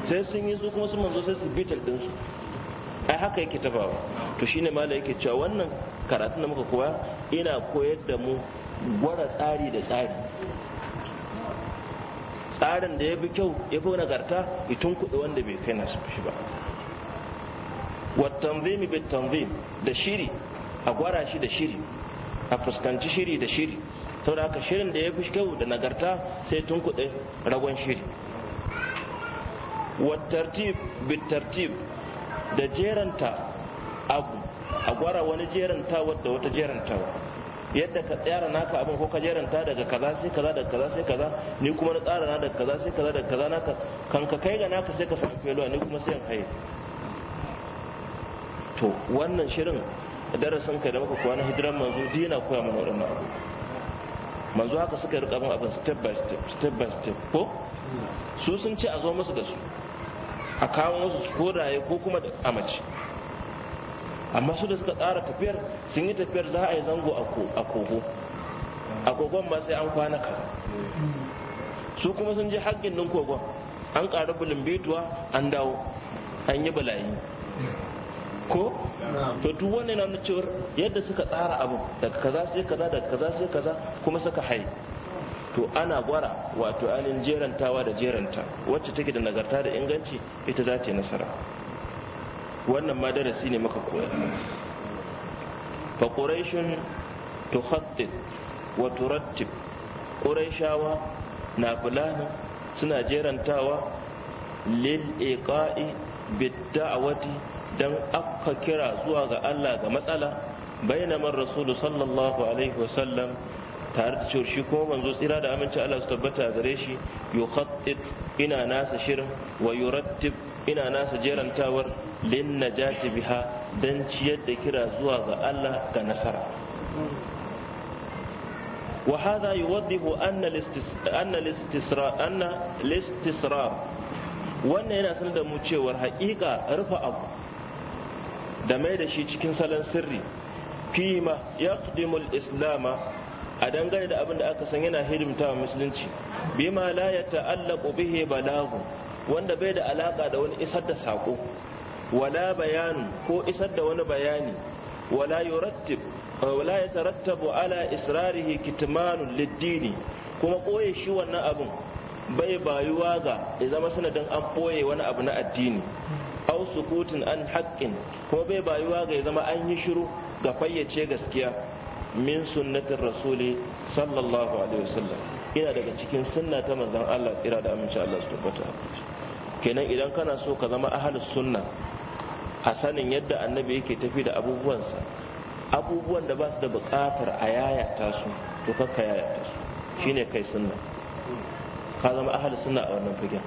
sai sun yi su kuma su manzo sai su yi bitin ɗinsu ai haka yake tafawa to shine mala yake cewa wannan karatu da muka koya ina koyar da mu gwara tsari da tsari tsarin da ya bi kyau ya fi nagarta itun kuɗi wanda bai kai nasu shi ba wa tanzimi bi tanzim da shiri a gwara shi da shiri a fuskanci shiri da shiri to da haka shirin da ya fi kyau da nagarta sai tun kuɗi ragon shiri bi tartib da jeranta abu a gwara wani jeranta wadda wata jerantawa yadda ka tsara naka abin ko ka jeranta daga kaza sai kaza daga kaza sai kaza ni kuma na tsara na daga kaza sai kaza daga kaza naka kan ka kai ga naka sai ka samu feluwa ni kuma sai in haye to wannan shirin darasin kai da muka kuwa na hijiran manzo duk yana koya mana waɗannan abu manzo haka suka rika bin abin step by step step by step ko su sun ce a zo musu da su a kawo musu su koraye ko kuma da amace amma su da suka tsara tafiyar sun yi tafiyar za a yi zango a kogo a kogon ma sai an kwana kaza su kuma sun je haƙƙin nan kogon an bulin bulumbituwa an dawo an yi balayi ko to duk wannan na cewar yadda suka tsara abu daga kaza sai kaza daga kaza sai kaza kuma suka hai to ana gwara wato ainihin jerantawa da jeranta wacce take da nagarta da inganci ita za ta nasara wannan ma darasi ne muka koya fa quraishun wato wa turattib quraishawa na fulani suna jerantawa lil iqa'i bid da'wati don akka kira zuwa ga Allah ga matsala bainamar rasulu sallallahu alaihi wasallam tare da cewar shi kuma manzo tsira da aminci Allah su tabbata gare shi yukhattib ina nasa shirin wa yurattib ina nasa jerantawar lin najati biha dan ciyar da kira zuwa ga Allah ga nasara wa hadha yuwaddihu anna listisra anna listisrar wannan yana sanar da mu cewar haƙiƙa rufe abu da mai da shi cikin salon sirri fima yaqdimul islama a dangane da abin da aka san yana hidimta wa musulunci bima la ya ta'allaqu bihi balagu wanda bai da alaƙa da wani isar da sako wala bayanu ko isar da wani bayani wala yurattib wala yatarattabu ala israrihi kitmanul liddini kuma koye shi wannan abin bai bayuwa ga ya zama sanadin an ɓoye wani abu na addini au sukutin an haƙƙin ko bai bayuwa ga ya zama an yi shiru ga fayyace gaskiya min sunnatin rasuli sallallahu alaihi wasallam ina daga cikin sunna ta manzon Allah tsira da aminci Allah su tabbata kenan idan kana so ka zama ahlus sunna a sanin yadda annabi yake tafi da abubuwansa abubuwan da ba su da buƙatar a yayata su to kakka yayata su shine kai sunna ka zama ahal suna a wannan fagen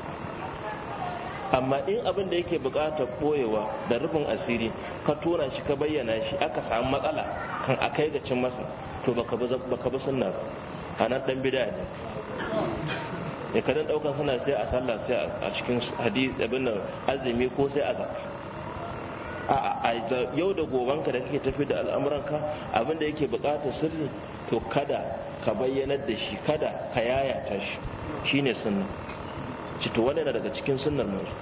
amma in abin da yake buƙatar koyewa da rufin asiri ka tura shi ka bayyana shi aka samu matsala kan a kai ga cin masa to baka bi suna ba a nan dan bida ne ya kadan daukan suna sai a sallah sai a cikin hadith abin azumi ko sai a a yau da gobanka da kake tafi da al'amuranka abin da yake buƙatar sirri to kada ka bayyanar da shi kada ka yayata shi shine sunna ci to wannan daga cikin sunnar manzo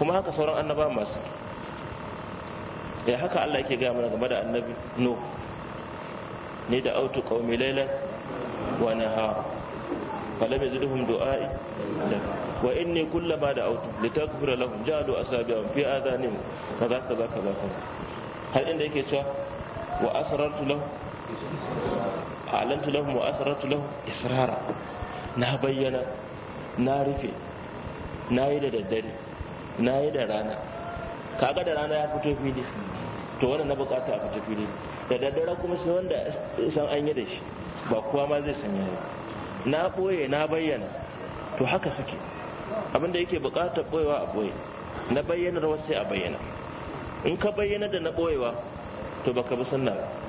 kuma haka sauran annaba masu ya eh, haka Allah yake gaya mana game da annabi no ni da autu qaumi laylan wa nahara falam yazidhum du'ai wa inni kullama da autu litakfura lahum jadu asabi'ahum fi adhanihim kaza kaza kaza har inda yake cewa wa asrartu lahum alantu lahum wa asrartu lahum israra na bayyana na rufe na yi da daddare na yi da rana kaga da rana ya fito fili to wannan na bukata a fito fili da daddare kuma sai wanda san an yi da shi ba kowa ma zai sanya ba na boye na bayyana to haka suke abinda yake bukata boyewa a boye na bayyanarwa sai a bayyana in ka bayyana da na boyewa to baka bi sunna ba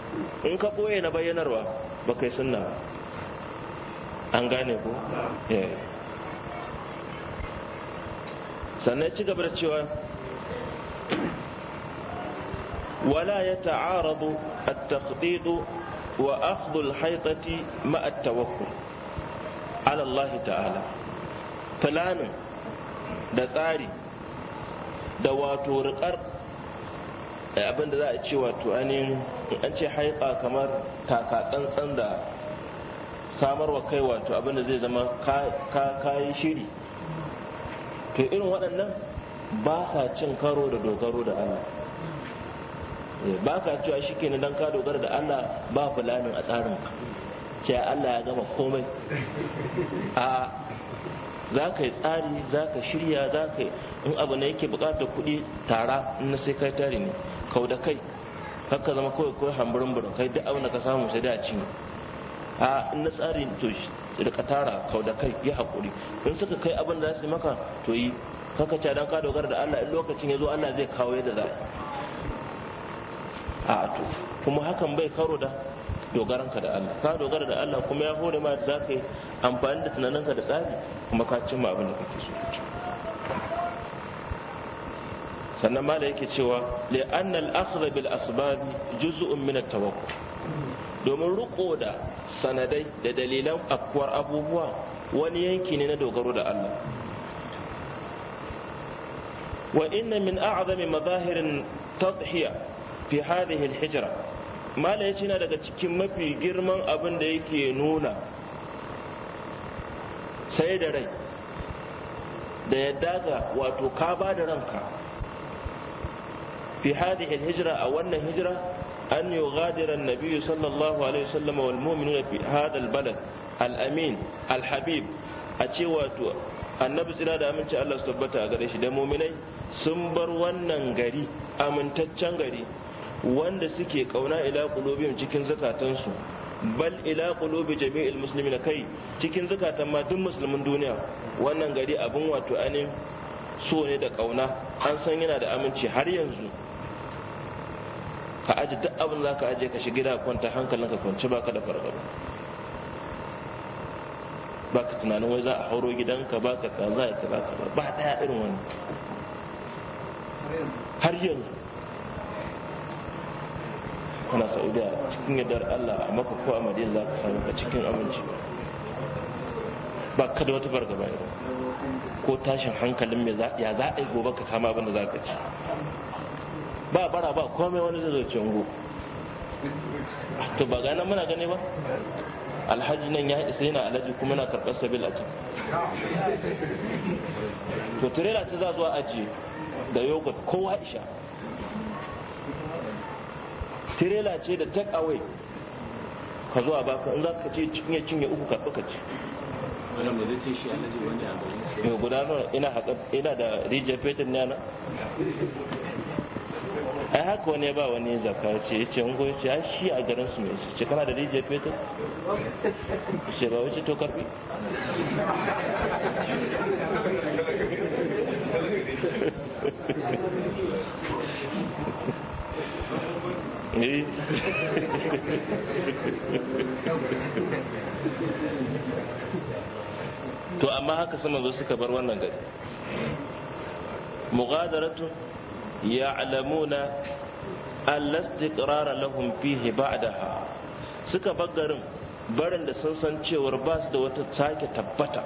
in ka ɓoye na bayyanarwa ba kai sunna an gane ku? Eh. sannan ci gaba da cewa wala ya ta'arabu at wa akhdhu al-haytati ma at-tawakkul ala ta'ala planin da tsari da wato riƙar Eh, abin da za a ce wato ainihin an ce haika kamar taka tsantsan da samarwa kai wato abin da zai zama kayan shiri to irin waɗannan ba sa cin karo da dogaro da Allah eh, ba ka cewa shi ke don ka dogara da Allah ba fulanin a tsarin ka ce Allah ya gama komai a za ka yi tsari za ka shirya za ka in abu na yake bukatar kuɗi tara in na sai kai tari ne kau da kai haka zama kawai kawai hamburin burin kai duk abin da ka samu sai da a cinye a in na tsari to da ka tara kau da kai ya haƙuri in suka kai abin da za su maka to yi haka ce don ka dogara da Allah in lokacin ya zo Allah zai kawo yadda za a to kuma hakan bai karo da dogaranka da Allah ka dogara da Allah kuma ya hore ma da za yi amfani da tunaninka da tsari kuma ka cimma abin da kake so sannan mala yake cewa li'anna al-akhdha bil asbabi juz'un min at-tawakkul domin riko da sanadai da dalilan afkuwar abubuwa wani yanki ne na dogaro da Allah wa inna min a'zami madahirin tadhiya fi hadhihi al-hijra mala ya ce na daga cikin mafi girman abin da yake nuna sai da rai da yadda ga wato ka ba da ranka fi hadi hijira a wannan hijira an yi gadiran nabi sallallahu alaihi wasallam wal mu'minuna fi hadal balad al-amin al-habib a ce wato annabi tsira da aminci Allah su tabbata a gare shi da muminai sun bar wannan gari amintaccen gari wanda suke kauna ila qulubihim cikin zakatansu bal ila qulubi jami'il muslimina kai cikin zakatan ma duk musulmin duniya wannan gari abin wato ani so ne da kauna an san yana da aminci har yanzu ka aje duk abin za ka aje ka shiga gida kwanta hankalinka kwanci baka da fargaba baka tunanin wai za a hauro gidanka baka ka ya ka ba ba daya irin wani har yanzu kana saudiya cikin yadar allah a maka ko a madina za ka samu ka cikin aminci ba ka da wata ba ko tashin hankalin mai ya za a yi gobe ka kama abin da za ka ci ba bara ba komai wani zai zo cango to ba gani muna gane ba alhaji nan ya isa yana alhaji kuma na karɓar sabila ta to tirela ta za zuwa ajiye da yogurt kowa isha tirela ce da take away ka zuwa baka in za ka ce cinye cinye uku ka ɗuka ce mai gudanar ina haƙar ina da rijiyar fetin ne na ai haka wani ba wani zaka ce ya ce in goyi ce shi a garin su mai ce kana da rijiyar fetin ce ba wace to kafi Eh? to amma haka sama zo suka bar wannan gari mugadaratu ya'lamuna al-istiqrara lahum fihi ba'daha suka bar garin barin da sun san cewar ba su da wata sake tabbata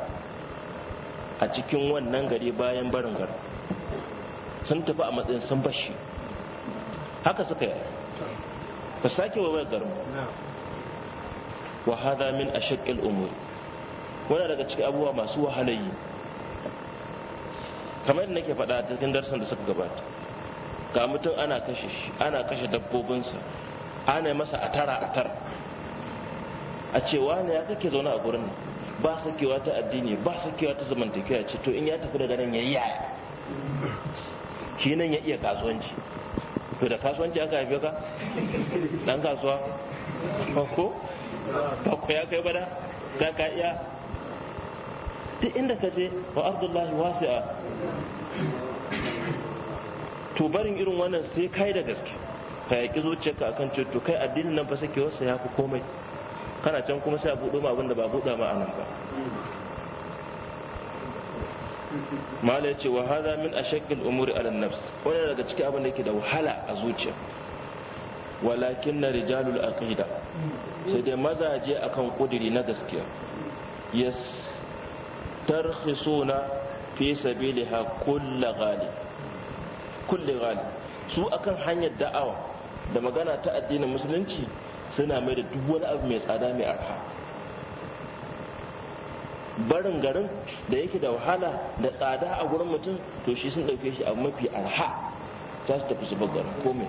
a cikin wannan gari bayan barin garin sun tafi a matsayin sun bashi haka suka yi ku sake wa wayar garin wa hada min shakil umur wanda daga cikin abubuwa masu wahalayi kamar yadda nake faɗa cikin darsan da suka gabata ga mutum ana kashe shi ana kashe dabbobinsa ana masa a tara a tara a ce wani ya kake zaune a gurin ba sakewa ta addini ba sakewa ta zamantakewa ce to in ya tafi daga nan ya yi yaya shi nan ya iya kasuwanci to da kasuwanci aka haife ka dan kasuwa ko ko ya kai bada da ka iya duk inda ka je wa ardullahi wasi'a to barin irin wannan sai kai da gaske ka yaki zuciyarka akan ce to kai addinin nan fa sake wasa ya fi komai kana can kuma sai a buɗo ma abin da ba buɗa ma a nan ba malai ce wa hadha min ashaqqil umuri ala nafs wannan daga cikin abin da yake da wahala a zuciya walakin na rijalul aqida sai dai mazaje akan kudiri na gaskiya yes tarkhisuna fi sabiliha kullu ghali kullu ghali su akan hanyar da'awa da magana ta addinin musulunci suna mai da duk wani abu mai tsada mai arha barin garin da yake da wahala da tsada a gurin mutum to shi sun ɗauke shi a mafi arha za su tafi su bar kome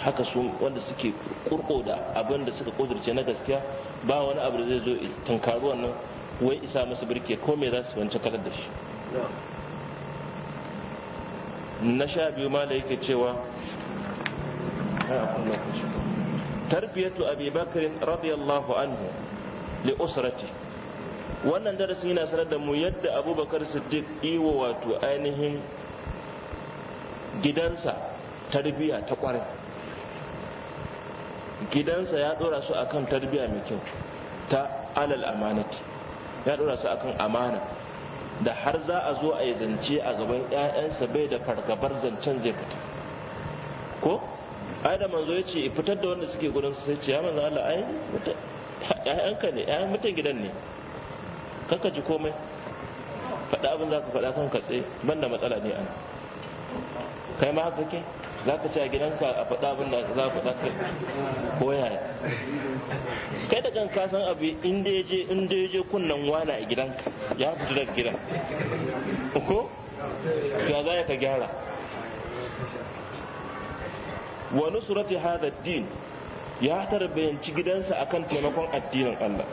haka su wanda suke kurko da abin da suka kudurce na gaskiya ba wani abu da zai zo tunkaru wannan wai isa masu birke kome za su wance kalar da shi na sha biyu ma da yake cewa tarbiyatu abi radiyallahu anhu li usrati wannan darasi yana sanar da mu yadda abubakar siddiq iwo wato ainihin gidansa tarbiya ta kwarai gidansa ya dora su akan tarbiya mai kyau ta alal amanati ya dora su akan amana da har za a zo a yi zance a gaban 'ya'yansa bai da fargabar zancen zai fita ko ai da manzo ya ce fitar da wanda suke gurin sai ce ya manzo Allah ai ƴaƴanka ne ƴaƴan mutan gidan ne kanka ji komai faɗa abin za ka faɗa kan katse ban da matsala ne a kai ma haka ke za ka cewa a gidanka a faɗa abin da za ka faɗa kai ko yaya kai da kanka san abu inda ya je inda ya je kunnan wala a gidanka ya fito daga gidan ko ya za ka gyara Wani surati hada din ya tarbayanci gidansa akan taimakon addinin Allah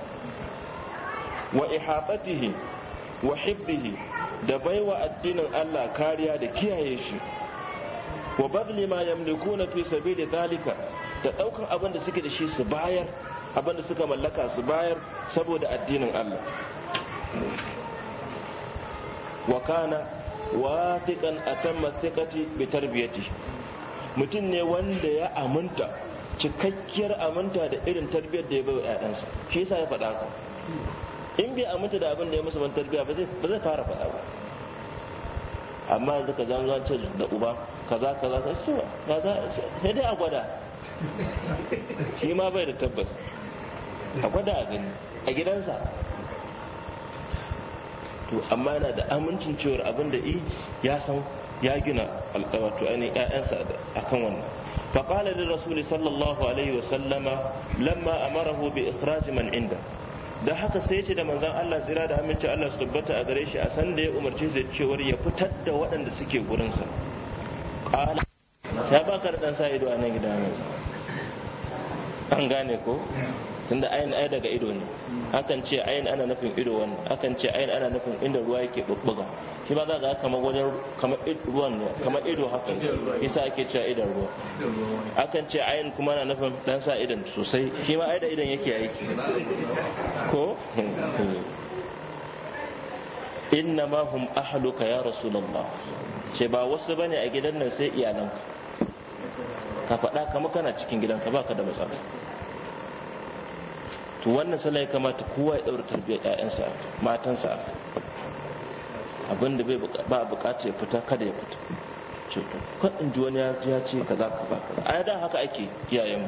wa ihafatihi wa hibbihi da baiwa addinin Allah kariya da kiyaye shi wa badli ma yamlikuna fi sabili zalika da daukar abin da suke da shi su bayar abin da suka mallaka su bayar saboda addinin Allah wa kana wathiqan atamma thiqati bi tarbiyati mutum ne wanda ya aminta cikakkiyar aminta da irin tarbiyyar da ya bai wa 'ya'yansa shi yasa ya faɗa ka in bai aminta da abin da ya musu ban tarbiya ba zai fara faɗa ba amma yanzu ka zan zuwa ce da uba kaza kaza sai su sai dai a gwada shi ma bai da tabbas a gwada a gani a gidansa to amma yana da amincin cewar abin da ya san ya gina wato ainihin ƴaƴansa a kan wannan faƙala da rasuli sallallahu alaihi wasallama lamma amarahu bi ikhraj man inda da haka sai ce da manzan Allah tsira da aminci Allah su tabbata a gare shi a sanda ya umarci zai cewar ya fitar da waɗanda suke gurinsa ƙala ta baka da ɗan sa ido a nan gida mai an gane ko tunda ayin ayi daga ido ne akan ce ayin ana nufin ido wani, akan ce ayin ana nufin inda ruwa yake bubbuga shi ba za ga kamar wajen kamar ruwan ne kamar ido haka isa ake cewa idan ruwa akan ce ayin kuma ana nufin dan sa idan sosai shi ma ayi da idan yake aiki ko inna ma hum ahluka ya rasulullah ce ba wasu bane a gidan nan sai iyalanka ka faɗa kamar kana cikin gidanka baka da matsala to wannan sallah ya kamata kowa ya daura tarbiyyar ƴaƴansa matansa abinda bai ba bukata ya fita kada ya fita to kan in ji wani ya ce kaza kaza ai a da haka ake iyayen mu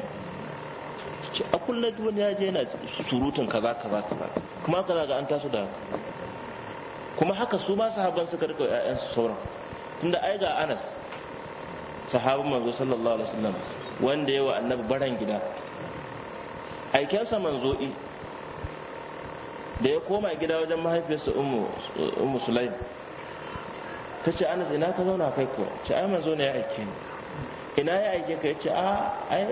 ce a kullum duk wani ya je yana surutun kaza kaza kaza kuma kaza ga an taso da kuma haka su ma sahabban suka rika ƴaƴansu sauran tunda ai ga Anas sahabban manzo sallallahu alaihi wasallam wanda yawa annabi baran gida aikensa manzo'i da ya koma gida wajen mahaifiyarsa Umu sulaim ta ce anas ina ka zauna kai ko ce ai manzo ne ya aike ni ina ya aike ka ya ce a ai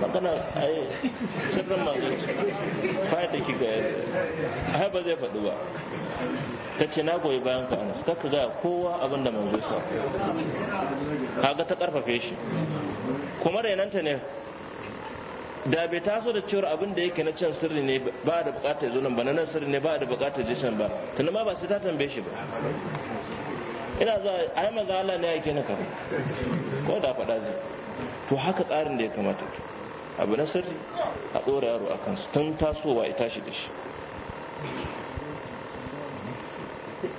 magana ai sirrin manzo fayar da kika ga ai ba zai faɗi ba ta ce na goyi bayan ka anas ka gaya kowa abin da manzo sa kaga ta karfafe shi kuma rainanta ne da bai taso da cewar abin da yake na can sirri ne ba da bukatar zo nan ba na nan sirri ne ba da bukatar je can ba tunda ma ba sai ta tambaye shi ba ina zuwa ai maza Allah ne yake naka ko da faɗa zai to haka tsarin da ya kamata abu na sirri a ɗora yaro a kansu tun tasowa ya tashi da shi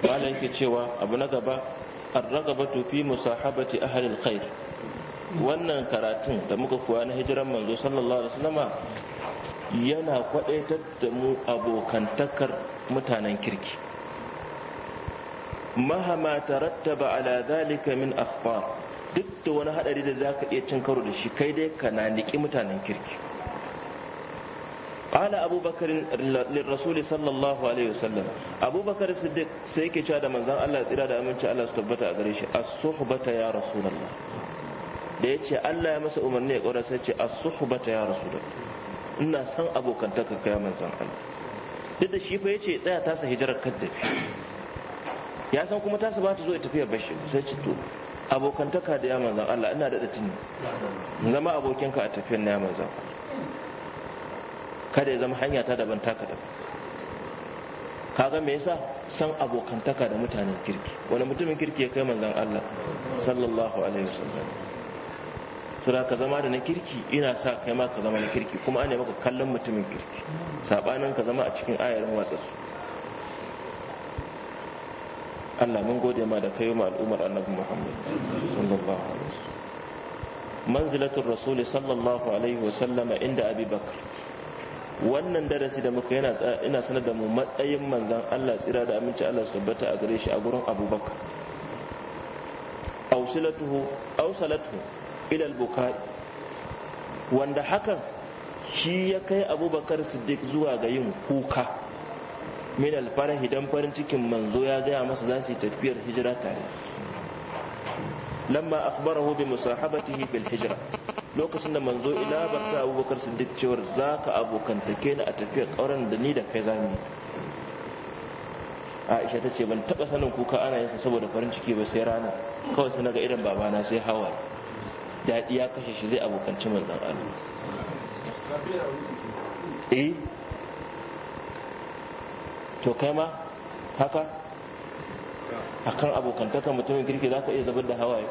malam yake cewa abu na gaba الرغبة في مصاحبة أهل الخير wannan karatun da muka kuwa na hijiran manzo sallallahu alaihi wasallama yana kwadaitar da mu abokantakar mutanen kirki mahama tarattaba ala zalika min akhbar duk da wani hadari da zaka iya cin karo da shi kai dai ka na niki mutanen kirki قال sallallahu alaihi للرسول صلى الله عليه وسلم أبو بكر الصديق Allah شاد da aminci Allah su tabbata a gare shi, الصحبة يا رسول الله da ya ce Allah ya masa umarni ya ƙaura sai ce as-suhbata ya rasu da ina san abokantaka kai manzon Allah duk da shi fa ce tsaya ta sa hijirar kadda ya san kuma ta ba ta zo ta tafiya bashi sai ce to abokantaka da ya manzon Allah ina da tuni zama abokinka a tafiyar na ya manzon kada ya zama hanya ta daban taka daban kaga me yasa san abokantaka da mutanen kirki wani mutumin kirki ya kai manzon Allah sallallahu alaihi wasallam suna ka zama da na kirki ina sa kai ma ka zama na kirki kuma ana maka kallon mutumin kirki sabanin ka zama a cikin ayarin watsa su Allah mun gode ma da kai ma al'ummar Annabi Muhammad sallallahu alaihi wasallam manzilatul rasul sallallahu alaihi wasallam inda Abi Bakr wannan darasi da muka yana ina sanar da mu matsayin manzon Allah tsira da aminci Allah tabbata a gare shi a gurin Abu Bakr awsilatuhu awsalatuhu ilal bukari wanda hakan shi ya kai abubakar siddiq zuwa ga yin kuka min alfarahi don farin cikin manzo ya gaya masa za su yi tafiyar hijira tare lamma akhbarahu bi musahabatihi bil hijra lokacin da manzo ila a abubakar siddiq cewar zaka abokantake ni a tafiyar kauran da ni da kai zamu yi Aisha ta ce ban taba sanin kuka ana yinsa saboda farin ciki ba sai rana kawai sai naga irin babana sai hawaye daɗi ya kashe shi zai abokanci manzan Allah eh to kai ma haka akan abokantaka mutumin kirki za ka iya zabar da hawaye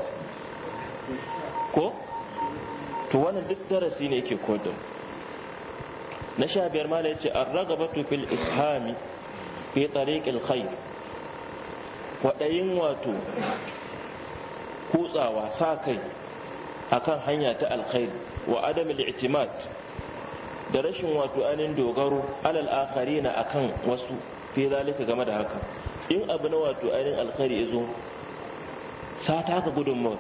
ko to wannan duk darasi ne yake koyar na sha biyar mala ya ce an ragabatu fil ishami fi tariqil khair kwaɗayin wato kutsawa sa kai akan hanya ta alkhairi wa adam al-i'timad da rashin wato anin dogaro alal akharina akan wasu fi zalika game da haka in abu na wato anin alkhairi yazo sata ka gudunmawa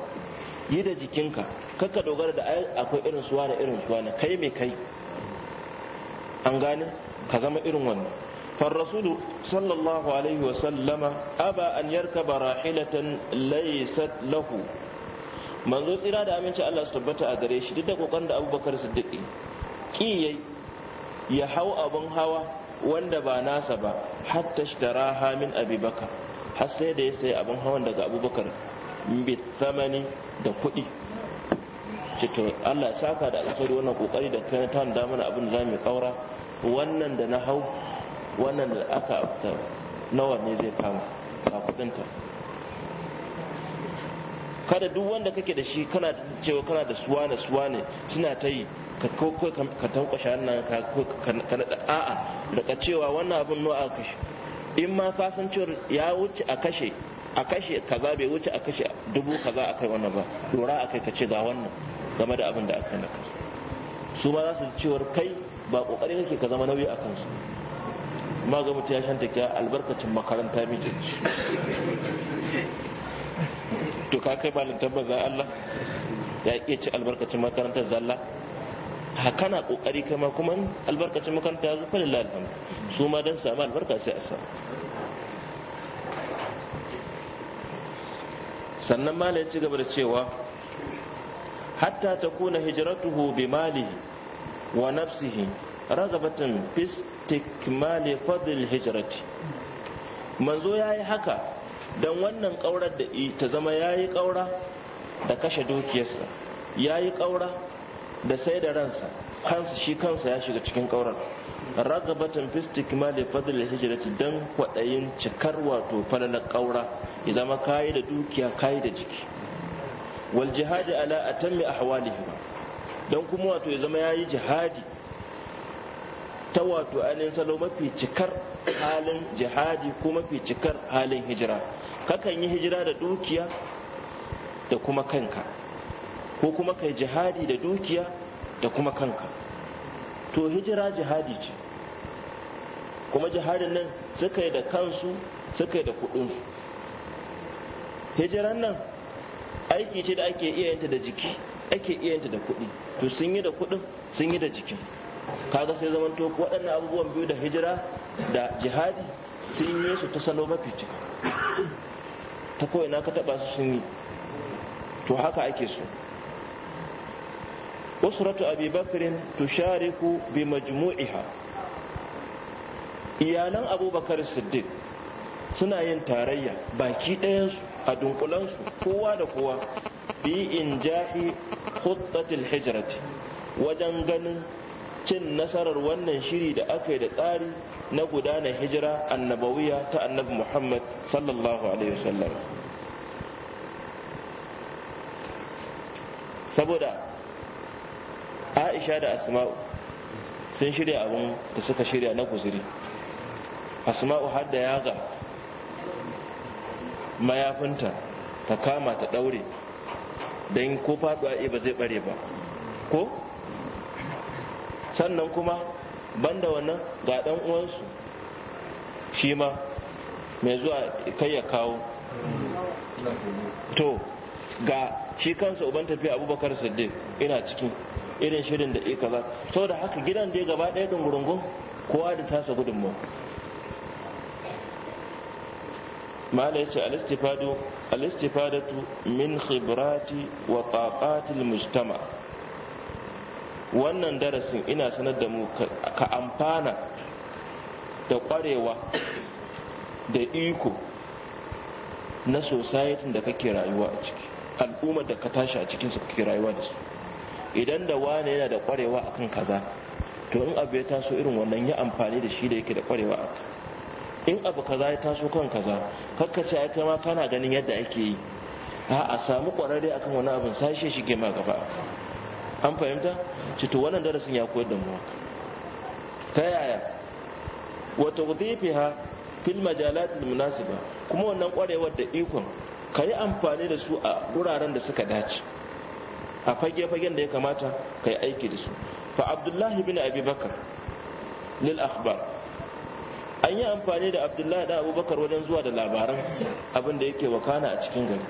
yi da jikinka kakka dogara da akwai irin suwa na irin suwa na kai mai kai an gane ka zama irin wannan فالرسول صلى الله عليه وسلم أبى أن يركب راحلة ليست له manzo tsira da aminci Allah su tabbata a gare shi duk da kokarin da abubakar siddiqi ki yayi ya hau abun hawa wanda ba nasa ba hatta shtaraha min abubakar har sai da ya sayi abun hawan daga abubakar bi thamani da kuɗi cito Allah saka da alkhairi wannan kokari da kai ta da mana abin da zamu kaura wannan da na hau wannan da aka afta nawa ne zai kama ba kuɗinta kada duk wanda kake da shi kana cewa kana da suwa ne suna ta yi ka kokoi ka tankwashe hannun ka ka nada a'a daga cewa wannan abin nuwa a kashe in ma fasancewar ya wuce a kashe a kashe kaza bai wuce a kashe dubu kaza kai wannan ba lura akai ka ce ga wannan game da abin da aka naka su ma za su cewar kai ba kokari kake ka zama nauyi a kansu ma ga mutum ya shanta kiya albarkacin makaranta mijin to ka kai malintar manzan Allah ya iya ci albarkacin makarantar zalla haka na kokari kama kuma albarkacin makaranta ya zufa lillahi alhamdu su ma don samu albarka sai a samu sannan mala ya ci gaba da cewa hatta ta kuna hijiratuhu bi malihi wa nafsihi ragabatan fi istikmali fadl hijrati manzo yayi haka don wannan ƙaurar da ta zama ya yi ƙaura da kashe dukiyarsa ya yi ƙaura da sai da ransa kansa shi kansa ya shiga cikin ƙaurar ragabatan fistik ma da fadil hijirati don kwaɗayin cikar wato falalar ƙaura ya zama kayi da dukiya kayi da jiki wal jihadi ala atammi ahwalihi don kuma wato ya zama ya yi jihadi ta wato ainihin salo mafi cikar halin jihadi ko mafi cikar halin hijira kakan yi hijira da dukiya da kuma kanka ko kuma kai jihadi da dukiya da kuma kanka to hijira jihadi ce kuma jihadin nan suka yi da kansu suka yi da kudinsu hijiran nan aiki ce da ake iya da jiki ake iya da kudi to sun yi da kudin sun yi da jikin kaga sai zaman to waɗannan abubuwan biyu da hijira da jihadi sun yi su ta salo mafi cika ta kawai na ka taɓa su sun yi to haka ake so usratu abi bakrin tushariku bi majmu'iha iyalan abubakar siddiq suna yin tarayya baki ɗayansu a dunkulansu kowa da kowa bi in ja'i hijirati wajen ganin cin nasarar wannan shiri da aka yi da tsari na gudanar hijira annabawiya ta annabi muhammad sallallahu alaihi wasallam saboda aisha da asma'u sun shirya abin da suka shirya na kuzuri asma'u har da yaga mayafinta ta kama ta daure don ko faduwa ba zai bare ba ko sannan kuma banda wannan ga ɗan uwansu shi ma mai zuwa kai ya kawo to ga shi kansa uban tafiya abubakar siddiq ina cikin irin shirin da ika ba to da haka gidan da ya gaba ɗaya gurungun kowa da tasa gudun mu mala ya ce alistifadatu min khibrati wa taqatil mujtama' wannan darasin ina sanar da mu ka amfana da ƙwarewa da iko na society da kake rayuwa a ciki al'ummar da ka tashi a cikin su kake rayuwa da su idan da wane yana da ƙwarewa akan kaza to in abu ya taso irin wannan ya amfani da shi da yake da ƙwarewa a in abu kaza ya taso kan kaza kakkace ai kai ma kana ganin yadda ake yi a samu ƙwararre akan wani abin sashe shi ke ma gaba an fahimta cito wannan darasin ya koyar da mu ta yaya wa tawdifiha fil majalat al munasiba kuma wannan kwarewar da ikon ka yi amfani da su a wuraren da suka dace a fage-fagen da ya kamata ka yi aiki da su fa abdullahi bin abi bakar lil akhbar an yi amfani da abdullahi da abubakar wajen zuwa da labaran abin da yake wakana a cikin gari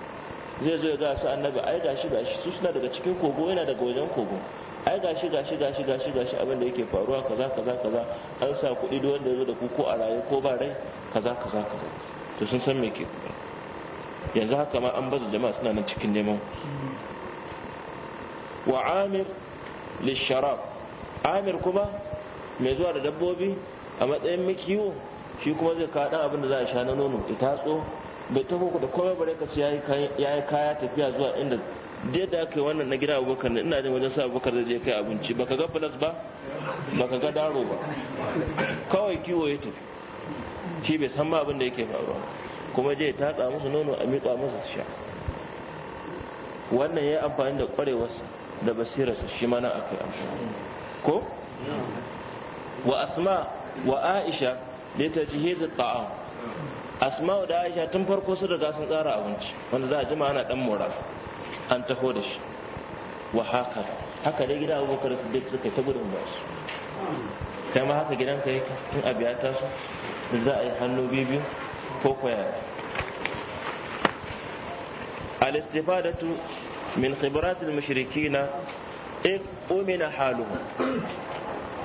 zai zo ya ga su annabi ai gashi gashi su suna daga cikin kogo yana daga wajen kogo ai gashi gashi gashi gashi gashi abin da yake faruwa kaza kaza kaza an sa kuɗi da wanda ya da ku ko a raye ko ba rai kaza kaza kaza to sun san me ke yanzu haka ma an baza jama'a suna nan cikin neman wa amir lisharab amir kuma mai zuwa da dabbobi a matsayin mikiwo shi kuma zai kawo ɗan abin da za a sha na nono ya tatso bai taho ku da komai bare ka ce ya yi kaya tafiya zuwa inda da da aka yi wannan na gida abubakar ne ina jin wajen sa abubakar zai je kai abinci Ba ka ga filas ba ba ka ga daro ba kawai kiwo ya tafi shi bai san ma abin da yake faruwa kuma je ya tatsa musu nono a miƙa musu su sha wannan ya yi amfani da ƙwarewarsa da basirarsa shi mana yi amfani ko wa asma wa aisha litajhiz at-ta'am asma'u da aisha tun farko su za sun tsara abinci wanda za a jima ana dan mora an taho da shi wa haka haka dai gida abubakar siddiq suka ta gudun ba su kai ma haka gidan ka yake a biya ya da za a yi hannu biyu ko kwaya al-istifadatu min khibratil mushrikina na umina haluhum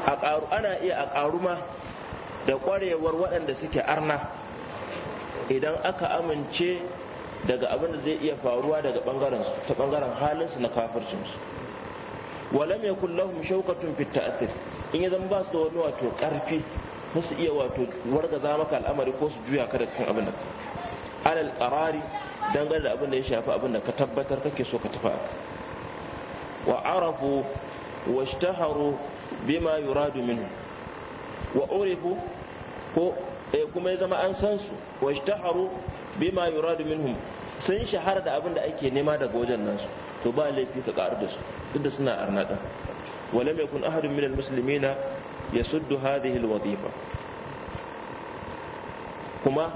a ana iya a ma. da ƙwarewar waɗanda suke arna idan aka amince daga abin da zai iya faruwa daga ɓangaren ta ɓangaren halinsu na kafircinsu walam ya kullahum shaukatun fit in ya zama ba su wani wato ƙarfi ba su iya wato za maka al'amari ko su juya kada cikin abin da alal don dangane da abin da ya shafi abin da ka tabbatar kake so ka tafi wa arafu washtaharu bima yuradu minhu wa urifu ko eh, kuma ya zama an san su wa ishtaharu bima yuradu minhum sun shahara da abin da ake nema daga wajen nan su, to ba laifi ka karu da su duk da suna arnada wa lam yakun ahadun minal muslimina yasuddu hadhihi alwazifa kuma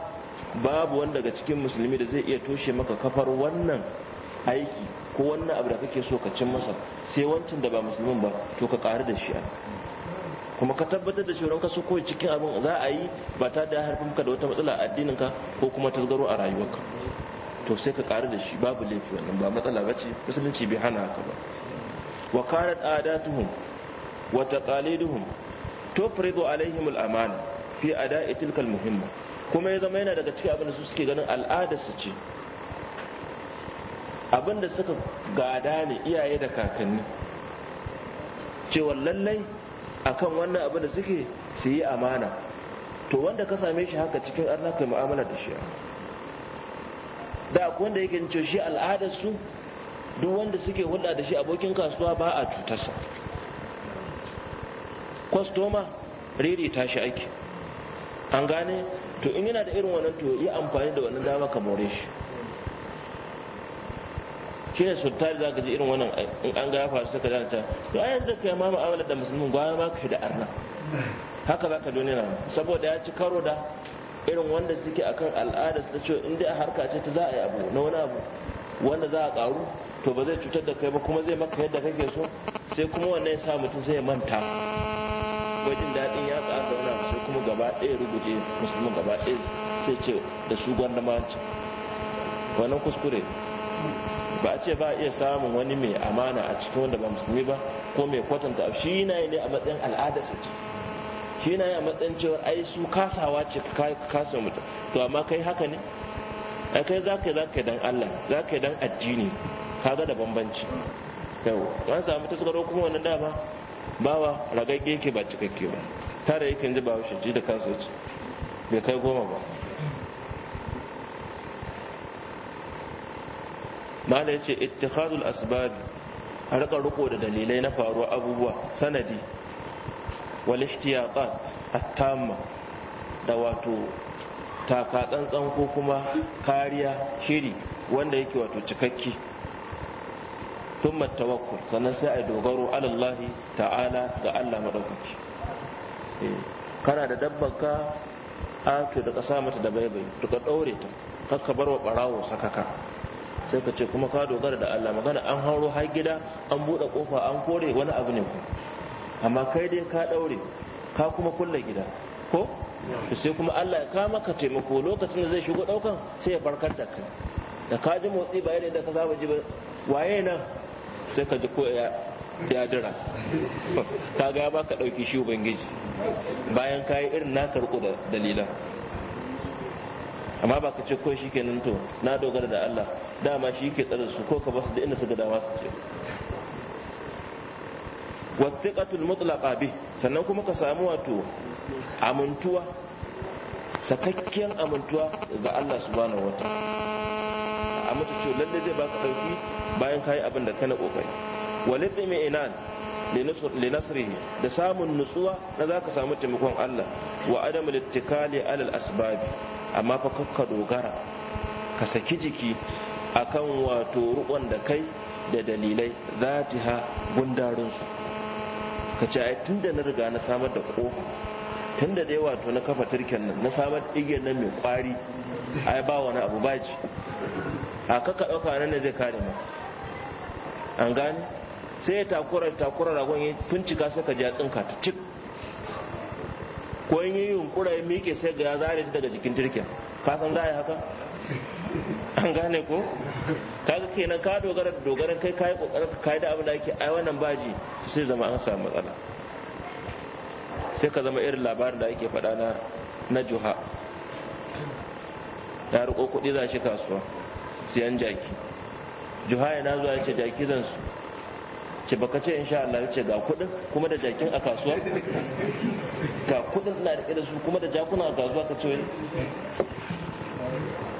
babu wanda daga cikin musulmi da zai iya toshe maka kafar wannan aiki ko wannan abu da kake so ka cin masa sai wancan da ba musulmin ba to ka karu da shi a kuma ka tabbatar da cewa ka so koyi cikin abin za a yi ba ta da harfin ka da wata matsala a addinin ka ko kuma tasgaro a rayuwarka to sai ka karu da shi babu laifi wannan ba matsala ba ce musulunci bai hana haka ba wa kanat adatuhum wa taqaliduhum tufridu alaihim al-amana fi ada'i tilka al-muhimma kuma ya zama yana daga cikin abin da su suke ganin al'ada su ce abin da suka gada ne iyaye da kakanni cewa lallai akan wannan abin da suke su yi amana to wanda ka same shi haka cikin arna kai mu'amala da shi da akwai wanda yake cewa shi al'adar su duk wanda suke hulɗa da shi abokin kasuwa ba a cutarsa kwastoma rere tashi ake an gane to in yana da irin wannan to yi amfani da wannan dama ka more shi shi ne sultari za ka ji irin wannan in an ga faru suka ta to a yanzu kai ma mu'amalar da musulmin gwaya ma kai da arna haka za ka duniya saboda ya ci karo da irin wanda suke akan al'ada su ta ce in dai a harka ce ta za a yi abu na wani abu wanda za a karu to ba zai cutar da kai ba kuma zai maka yadda kake so sai kuma wannan ya sa mutum zai manta wajen daɗin ya tsaka wani abu sai kuma gaba ɗaya rubuce musulmin gaba ɗaya sai ce da su gwanda wannan kuskure ba a ce ba a iya samun wani mai amana a cikin wanda ba musulmi ba ko mai kwatanta shi na yi ne a matsayin al'ada ce shi na yi a matsayin cewa ai su kasawa ce ka kasa mutum to amma kai haka ne a kai za ka yi za ka yi dan Allah za ka yi dan addini ga da bambanci yau an samu tasgaro kuma wannan dama bawa ragagge yake ba cikakke ba tare yake ji ba shi ji da kansa bai kai goma ba malai yace ittikhadul asbab a rika riko da dalilai na faruwa abubuwa sanadi wal ihtiyatat da wato taka tsantsan ko kuma kariya shiri wanda yake wato cikakke tun tawakkul sannan sai a dogaro alallahi ta'ala ga Allah madaukaki eh, kana da dabbanka a ke da ƙasa mata da baibai to ka daure ta kakka bar wa ɓarawon sakaka sai ka ce kuma ka dogara da Allah magana an hauro har gida an buɗe kofa an kore wani abu ne amma kai dai ka ɗaure ka kuma kulle gida ko sai kuma Allah ya kama ka taimako lokacin da zai shigo ɗaukan sai ya farkar da kai da ka ji motsi ba da ka saba ji ba waye nan sai ka ji ko ya dira ka ga ba ka ɗauki shi ubangiji bayan ka yi irin na karɓo da dalilan amma ba ka ce ko shi kenan to na dogara da Allah dama shi ke tsare su ko ka ba su da inda su ga dama su ce wasiqatul mutlaqa bi sannan kuma ka samu wato amintuwa sakakken amintuwa ga Allah subhanahu wataala a mutu ce lalle zai baka sauki bayan kayi abin da kana kokari walidhi mai inan linasrihi da samun nutsuwa na zaka samu taimakon Allah wa adamu littikali alal asbabi amma fa kakka dogara ka saki jiki akan wato rukon da kai da dalilai za ta ha su ka ce ai tun da na riga na samar da ƙofa tun da dai wato na kafa turken nan na samar da igiyar nan mai ƙwari ai ba wani abu ji a kaka ɗauka nan ne zai kare mu an gane sai ya takura takura ragon ya tuncika sai ka ji a tsinka ta cik ko in yi yunkura ya miƙe sai ga ya zare shi daga jikin jirgin ka san za a yi haka an gane ko kaga kenan ka dogara da dogaran kai kai kokarin ka kai da abin da ake ai wannan baji sai zama an samu matsala sai ka zama irin labarin da ake faɗa na na juha ya riko kuɗi za shi kasuwa siyan jaki juha na zuwa ya ce jaki zan su ce baka ce insha Allah ya ce ga kuɗin kuma da jakin a kasuwa ga kuɗin ina da su kuma da jakuna a kasuwa ka ce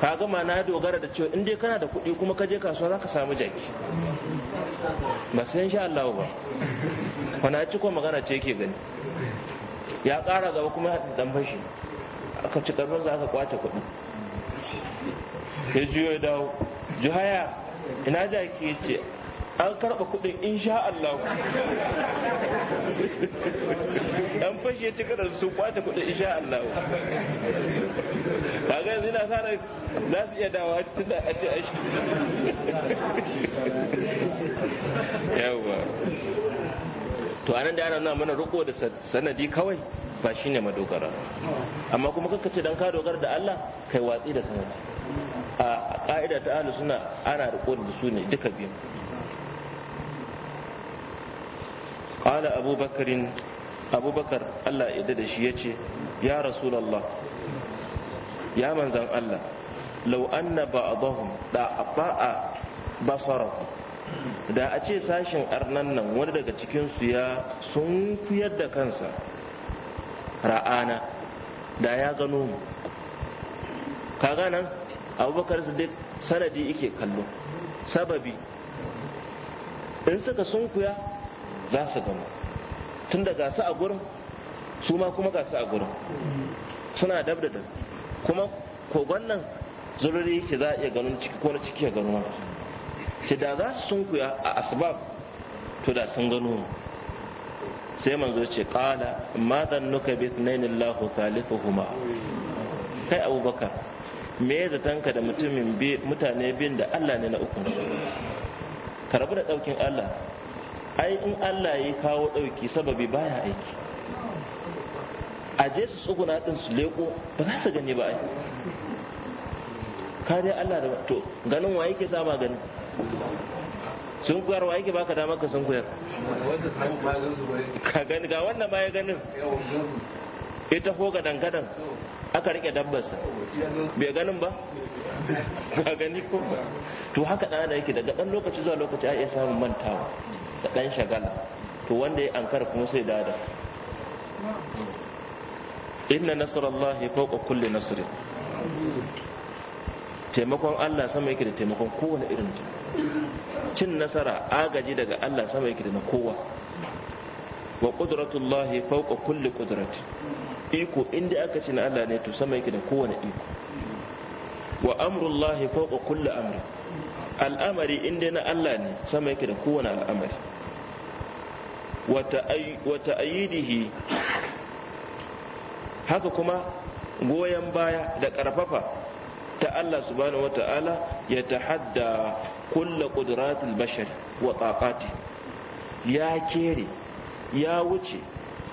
ka gama na dogara da cewa in dai kana da kuɗi kuma ka je kasuwa za ka samu jaki ba sai insha Allah ba wani ci ko magana ce yake gani ya ƙara gaba kuma ya dan fashi aka ci karfin za ka kwace kuɗi ya juyo ya dawo juhaya ina jaki ya ce an karɓa kuɗin insha Allah an fashe cika da su kwace kuɗin insha Allah ba ga yanzu na sa za su iya dawa tun da ake aiki yawa to anan da ana nuna mana riko da sanadi kawai ba shine madogara amma kuma ce dan ka dogara da Allah kai watsi da sanadi a ka'ida ta ahlus sunna ana riko da su ne duka biyu qala abu bakarin abu bakar allah ya da shi ya ce ya rasulallah ya manzan allah lau anna ba'dahum da ba'a basarahu da a ce sashin arnan nan wani daga cikinsu sun kuyar da kansa ra'ana da ya gano mu kaga nan abubakar duk sanadi ike kallo sababi in suka sun kuya za su gama tun da su a gurin su ma kuma su a gurin suna dab da dab kuma kogon nan zururi yake za a iya ganin ciki ko na ciki ya gano ma ce da za su sunkuya a asbab to da sun gano mu sai manzo ce kala ma nuka bi thnaini Allahu thalithuhuma kai Abubakar me ya zatanka da mutumin mutane biyun da Allah ne na uku ka rabu da daukin Allah ai in Allah ya kawo ɗauki sababi baya aiki a je su tsuguna ɗin su leko ba za su gani ba ai ka dai Allah da to ganin wa yake sama gani sun kuyar wa yake baka damar ka sun kuyar ka gani ga wannan baya ganin ita ko ga dangadan aka rike dabbarsa bai ganin ba ba gani ko ba to haka ɗan da yake daga ɗan lokaci zuwa lokaci a iya samun mantawa da ɗan shagala to wanda ya ankara kuma sai dada inna nasrallahi fawqa kulli nasr taimakon Allah sama yake da taimakon kowane irin ta, cin nasara agaji daga Allah sama yake da na kowa wa qudratullahi fawqa kulli qudrati iko inda aka ce na Allah ne to sama yake da kowane iko wa amrullahi fawqa kulli amri al'amari inda na Allah ne sama yake da kowane al'amari wa ta'ayyidihi haka kuma goyon baya da karfafa ta Allah subhanahu wata'ala ya tahadda kulla qudratil bashar wa taqati ya kere ya wuce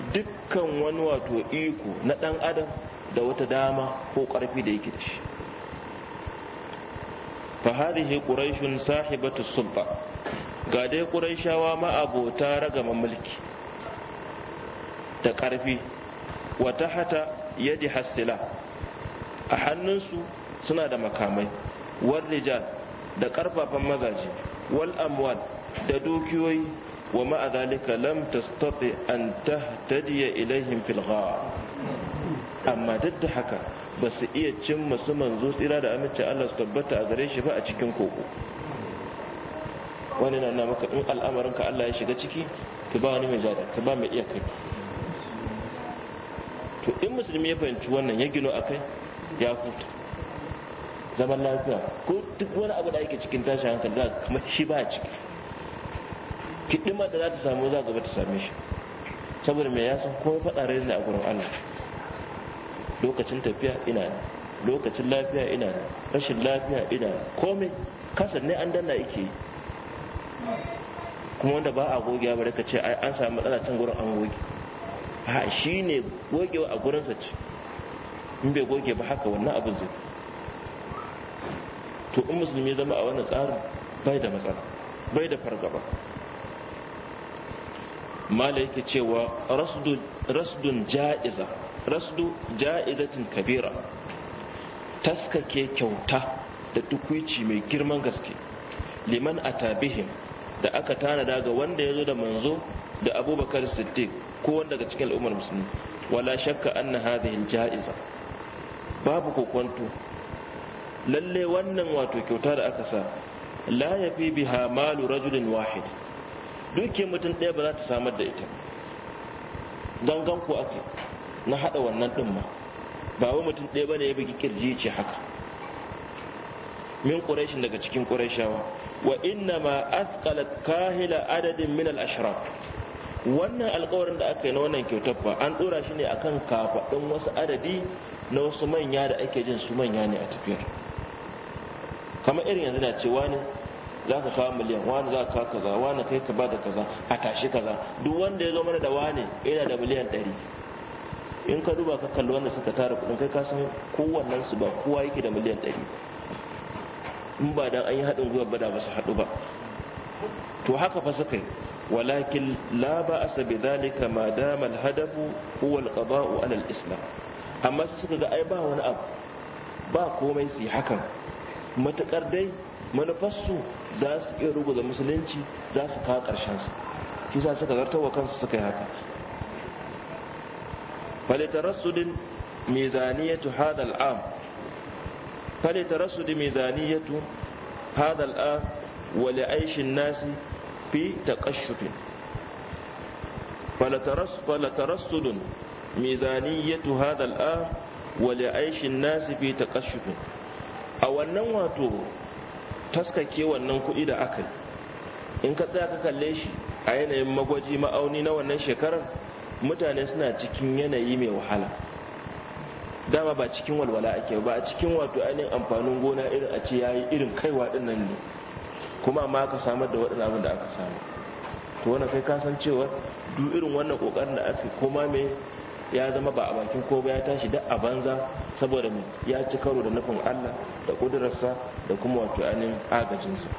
dukkan wani wato iko na ɗan adam da wata dama ko ƙarfi da yake da shi hadhihi ƙuraishun sahibatu subba ga dai ƙuraishawa ma'abota ragama mulki da ƙarfi wata hata yadi hasila. a hannun su suna da makamai wal rijal da ƙarfafan mazaje wal amwal da dukiyoyi wa ma'a zalika lam tastati an tahtadiya ilaihim fil amma duk da haka ba su iya cin su manzo tsira da amince Allah su tabbata a gare shi ba a cikin koko wani na na maka in al'amarin ka Allah ya shiga ciki ka ba wani mai zada ka ba mai iya kai to in musulmi ya fahimci wannan ya gino akai ya huta zaman lafiya ko duk wani abu da yake cikin tashin hankali za kamar shi ba a ciki kiɗima da za ta samu za gaba ta same shi saboda mai ya san kuma faɗa rai ne a gurin Allah lokacin tafiya ina lokacin lafiya ina rashin lafiya ina komai kasan ne an danna yake kuma wanda ba a goge ya bari ka ce an samu matsala can gurin an goge ha shi ne gogewa a gurinsa ce in bai goge ba haka wannan abin zai to in musulmi zama a wannan tsarin bai da matsala bai da fargaba mala yake cewa rasdun ja'iza rasdu ja'izatin kabira taskake kyauta da tukwici mai girman gaske liman atabihim da aka tanada ga wanda ya zo da manzo da abubakar siddiq ko wanda daga cikin al'ummar musulmi wala shakka anna hadhihi ja'iza babu kokonto lalle wannan wato kyauta da aka sa la yafi biha malu rajulin wahid dukiyar mutum ɗaya ba za ta samar da ita gangan ku aka na haɗa wannan ɗin ma ba wa mutum ɗaya ba ne ya bugi kirji ce haka min ƙurashin daga cikin ƙurashawa wa inna ma askala kahila adadin min al-ashraf wannan alkawarin da aka yi na wannan kyautar ba an ɗora shi ne akan kafaɗin wasu adadi na wasu manya da ake jin su manya ne a tafiyar kamar irin yanzu na cewa ne za ka kawo miliyan wani za ka kawo kaza wani kai ka ba da kaza a tashi kaza duk wanda ya zo mana da wani yana da miliyan ɗari in ka duba ka kalli wanda suka tara kuɗin kai ka san kowannen su ba kowa yake da miliyan ɗari in ba dan an yi haɗin gwiwa ba da ba su haɗu ba to haka fa suka yi walakin la ba asa zalika ma dama alhadafu huwa alqada'u ala alislam amma su suka ga ai ba wani abu ba komai su hakan matukar dai manufarsu za su iya ruguza musulunci za su kawo ƙarshensu kisa suka zartarwa kansu suka yi haka falitarassudin mizaniyatu hadal am falitarassudin mizaniyatu hadal am wale aishin nasi fi falitarassudin mizaniyatu hadal am wale aishin nasi fi taƙashufin a wannan wato taskake wannan kuɗi da aka yi in ka tsaya ka kalle shi a yanayin magwaji ma'auni na wannan shekarar mutane suna cikin yanayi mai wahala dama ba cikin walwala ake ba a cikin wato ainihin amfanin gona irin a ce ya yi irin kaiwa din nan ne kuma ma aka samar da waɗannan abin da aka samu to wannan kai ka san cewa duk irin wannan kokarin da ake koma mai ya zama ba a bakin ko ya tashi da a banza saboda ya ci karo da nufin Allah da kudurarsa da kuma wato anin agajinsa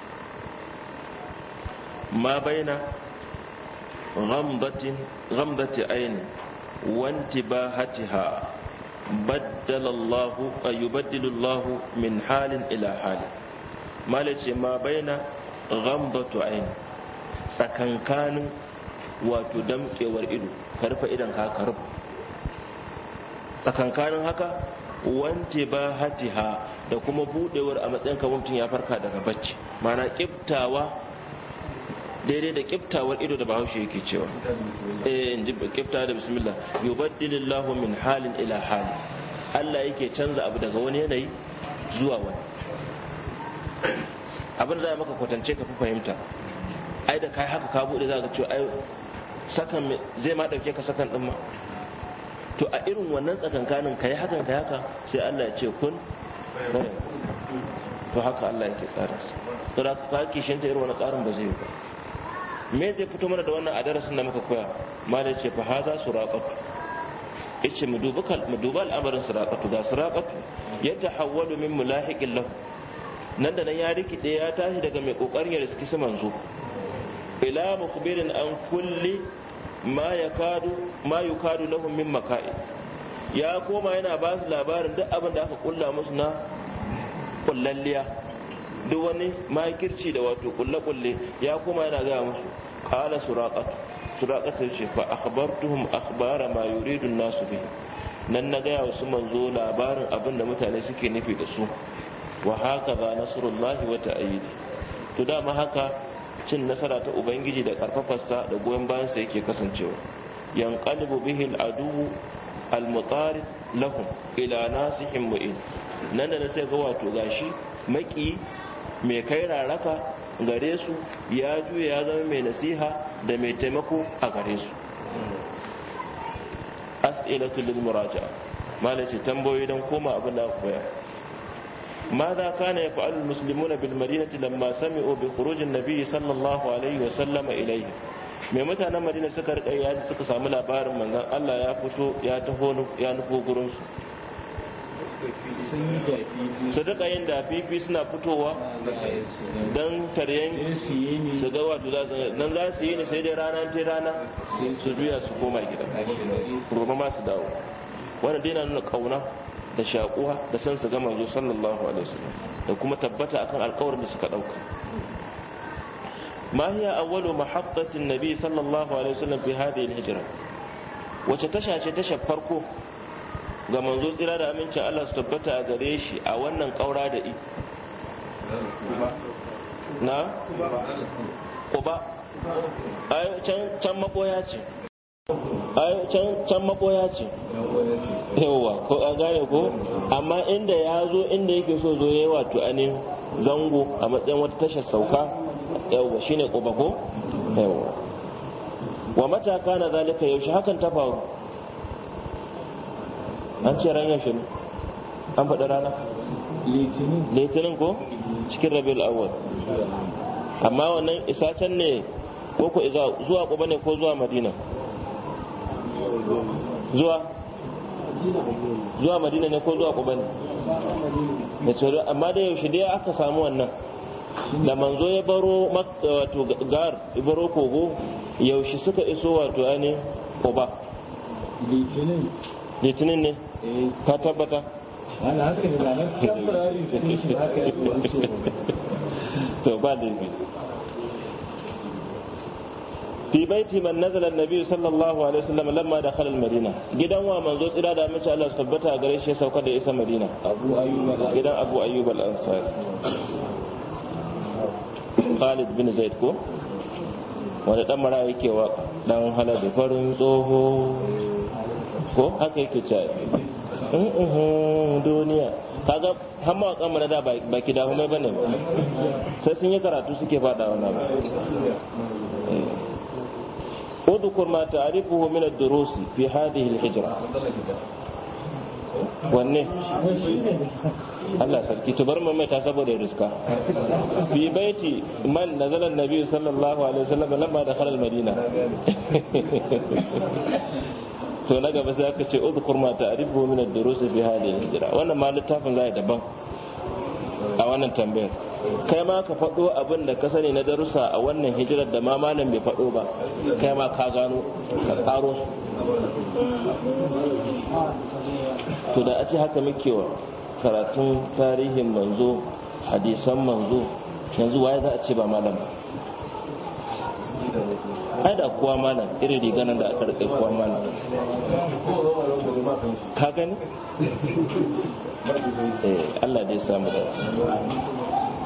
ma baina ghamdatin ghamdati ayn wantibahatiha baddala Allah ayubaddilu Allah min halin ila halin malace ma baina ghamdatu ayni tsakankanin wato damkewar ido karfa idan ka karfa tsakankanin haka wance ba hatiha da kuma budewar a matsayin kamar mutum ya farka daga bacci mana kiftawa daidai da kiftawar ido da bahaushe yake cewa eh in ji kifta da bismillah yubaddilillahu min halin ila hali Allah yake canza abu daga wani yanayi zuwa wani abin da za maka kwatance ka fi fahimta ai da kai haka ka bude za ka cewa ai sakan zai ma dauke ka sakan din ma to a irin wannan tsakankanin kai hakan kai haka sai Allah ya ce kun to haka Allah yake tsara su to da ka kishin ta irin wannan tsarin ba zai yi ba me zai fito mana da wannan a darasin da muka koya malai ce fa haza suraqatu yace mu duba mu duba al'amarin suraqatu da suraqatu ya tahawwalu min mulahiqin lahu nan da nan ya rikide ya tashi daga mai kokarin ya riski su manzo ila mukbirin an kulli ma kadu ma yukadu min maka'i ya koma yana ba su labarin duk abin da aka kulla musu na kullalliya duk wani makirci da wato kulle-kulle ya koma yana gaya musu kala suraƙatu suraƙatu ce fa akhbartuhum akhbara ma yuridu nasu bi nan na gaya wasu manzo labarin abin da mutane suke nufi da su wa haka za nasrullahi wa ta'ayyidi to dama haka cin nasara ta ubangiji da karfafarsa da goyon bayansa yake kasancewa yanqalibu bihi al'adu al mutarid lahum ila nasihin mu'in nan da sai ga wato gashi maki mai kai raraka gare su ya juya ya zama mai nasiha da mai taimako a gare su as'ilatu lil muraja'a malaci tambayoyi don koma abin da koya ماذا كان يفعل المسلمون بالمدينة لما سمعوا بخروج النبي صلى الله عليه وسلم إليه mai mutanen madina suka rika ya ji suka samu labarin manzon Allah ya fito ya taho ya nufo gurin su su rika yin da fifi suna fitowa don taryen su ga wato za su nan za su yi ne sai dai rana ce rana su juya su koma gida roma ma su dawo wannan dai na nuna kauna da shakuwa da san su ga manzo sallallahu alaihi wasallam da kuma tabbata akan alƙawarin da suka dauka ma hiya awwalu mahaqqatin nabi sallallahu alaihi wasallam fi hadhihi al-hijra wace tasha ce tasha farko ga manzo tsira da amincin Allah su tabbata a gare shi a wannan kaura da i na kuba ai can maboya ce ai can maboya ce yawa ko an gane ko amma inda ya zo inda yake so zo yayi wato ne zango a matsayin wata tashar sauka yawa shine ne ko yawa wa mata kana zalika yaushe hakan ta faru an ce ran yaushe ne an faɗi rana litinin litinin ko cikin rabiul awwal amma wannan isa can ne ko ko zuwa kuba ne ko zuwa madina zuwa zuwa madina ne ko zuwa kuba ne da tsoro amma da yaushe dai aka samu wannan da manzo ya baro wato gar ya baro kogo yaushe suka iso wato ne kuba litinin ne eh. ka tabbata to ba da fi baiti man nazala annabi sallallahu alaihi wasallam lamma dakhala al-madina gidan wa manzo tsira da mace Allah su tabbata a gare shi sauka da isa madina abu ayyub gidan abu ayyub al-ansari Khalid bin Zaid ko wanda dan mara yake wa dan halabi farin tsoho ko haka yake cewa mm, mm-hmm, duniya kaga har mawaƙan mu da ba ki da mai bane sai sun yi karatu suke faɗa wannan اذكر ما تعرفه من الدروس في هذه الهجرة wanne Allah sarki to mu mai ta saboda riska fi baiti man nazala annabi sallallahu alaihi wasallam lamma madina to na gaba sai aka ce udhkur ma ta'rifu min ad-durus fi hadhihi al-hijra wannan ma littafin zai daban a wannan tambayar kai ma ka faɗo abin da ka sani na darussa a wannan hijirar da ma malam bai faɗo ba kai ma ka gano ka karo. to da a ce haka muke wa karatun tarihin manzo hadisan manzo yanzu waye za a ce ba malam ai da kuwa malam irin riganan da aka rike kuwa malam ka gani eh, Allah dai samu da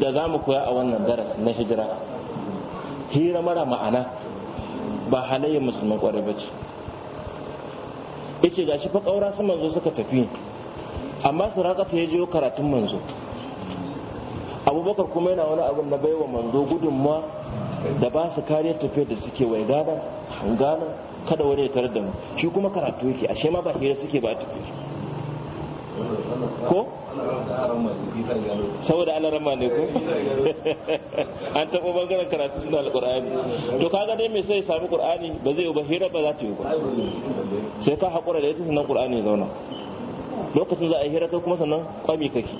da za mu koya a wannan daras na hijira hira mara ma'ana ba halayyar musulman kwarai ba ce ice ga shi fa ƙaura su manzo suka tafi amma su rakata ya jiyo karatun manzo abubakar kuma yana wani abin na baiwa manzo gudunmuwa da ba su kariyar tafiyar da suke wai gada hangana kada wani ya tarar da mu shi kuma karatu yake ashe ma ba hira suke ba tafiya ko saboda alarama ne ko an taɓa bangaren karatu suna alƙur'ani to kaga dai mai sai sami ƙur'ani ba zai ba hira ba za ta yi ba sai ka haƙura da ita sannan ƙur'ani zauna lokacin za a yi hira kai kuma sannan kwami kake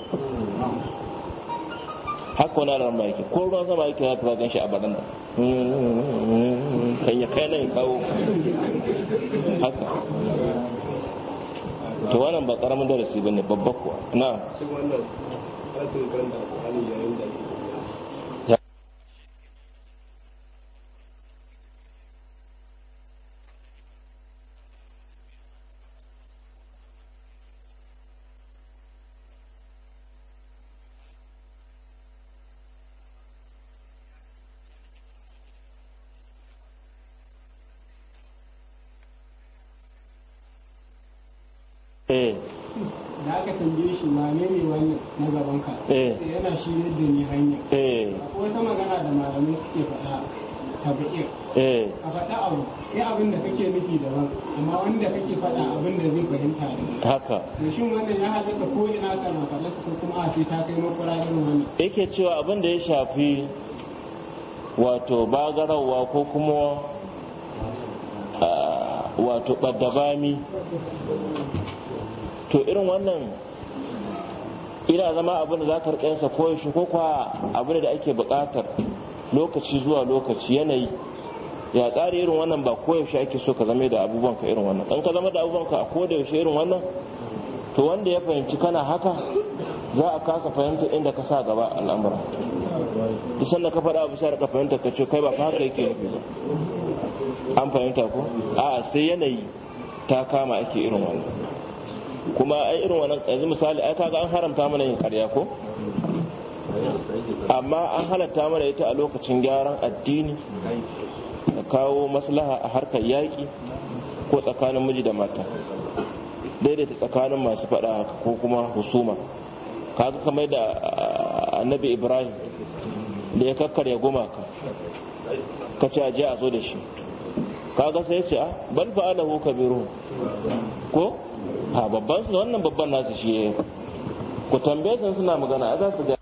haka wani alarma yake ko ruwan sama yake za ta gan shi a baranda kan ya kai nan kawo haka to wannan ba karamin darasi bane babba kuwa na sai wannan karatun da Qur'ani yayin da Eh. da aka tambaye shi wane ne ne wannan na gaban ka eh. sai yana shi da ni hanya eh. akwai wata magana da malamai suke faɗa tabi'ir a faɗa abu sai abin da kake nufi daban amma wanda kake faɗa abin da zai fahimta da haka to shin wannan ya halatta ko ina kana faɗa su kuma a sai ta kai makwara irin wannan yake cewa abin da ya shafi wato bagarawa ko kuma ah, wato ɓaddabami to irin wannan ina zama abin da za ka rika yansa koyaushe ko kwa abin da ake buƙatar lokaci zuwa lokaci yanayi ya tsari irin wannan ba koyaushe ake so ka zama da abubuwan ka irin wannan in ka zama da abubuwan ka a da yaushe irin wannan to wanda ya fahimci kana haka za a kasa fahimta inda ka sa gaba al'amura isan da ka faɗa abu sai ka fahimta ka ce kai ba haka yake nufi ba an fahimta ko a'a sai yanayi ta kama ake irin wannan kuma ai irin wannan yanzu misali ai kaga an haramta mana yin ƙarya ko amma an halatta mana ita a lokacin gyaran addini da kawo maslaha a harkar yaƙi ko tsakanin miji da mata daidaita tsakanin masu faɗa ko kuma husuma kaga kamar da annabi ibrahim da ya kakkarya gumaka ka ce a je a zo da shi kaga sai ce a ah, bal fa'alahu kabiru ko ha babban su wannan babban nasu shi ku tambaye suna magana a za su ga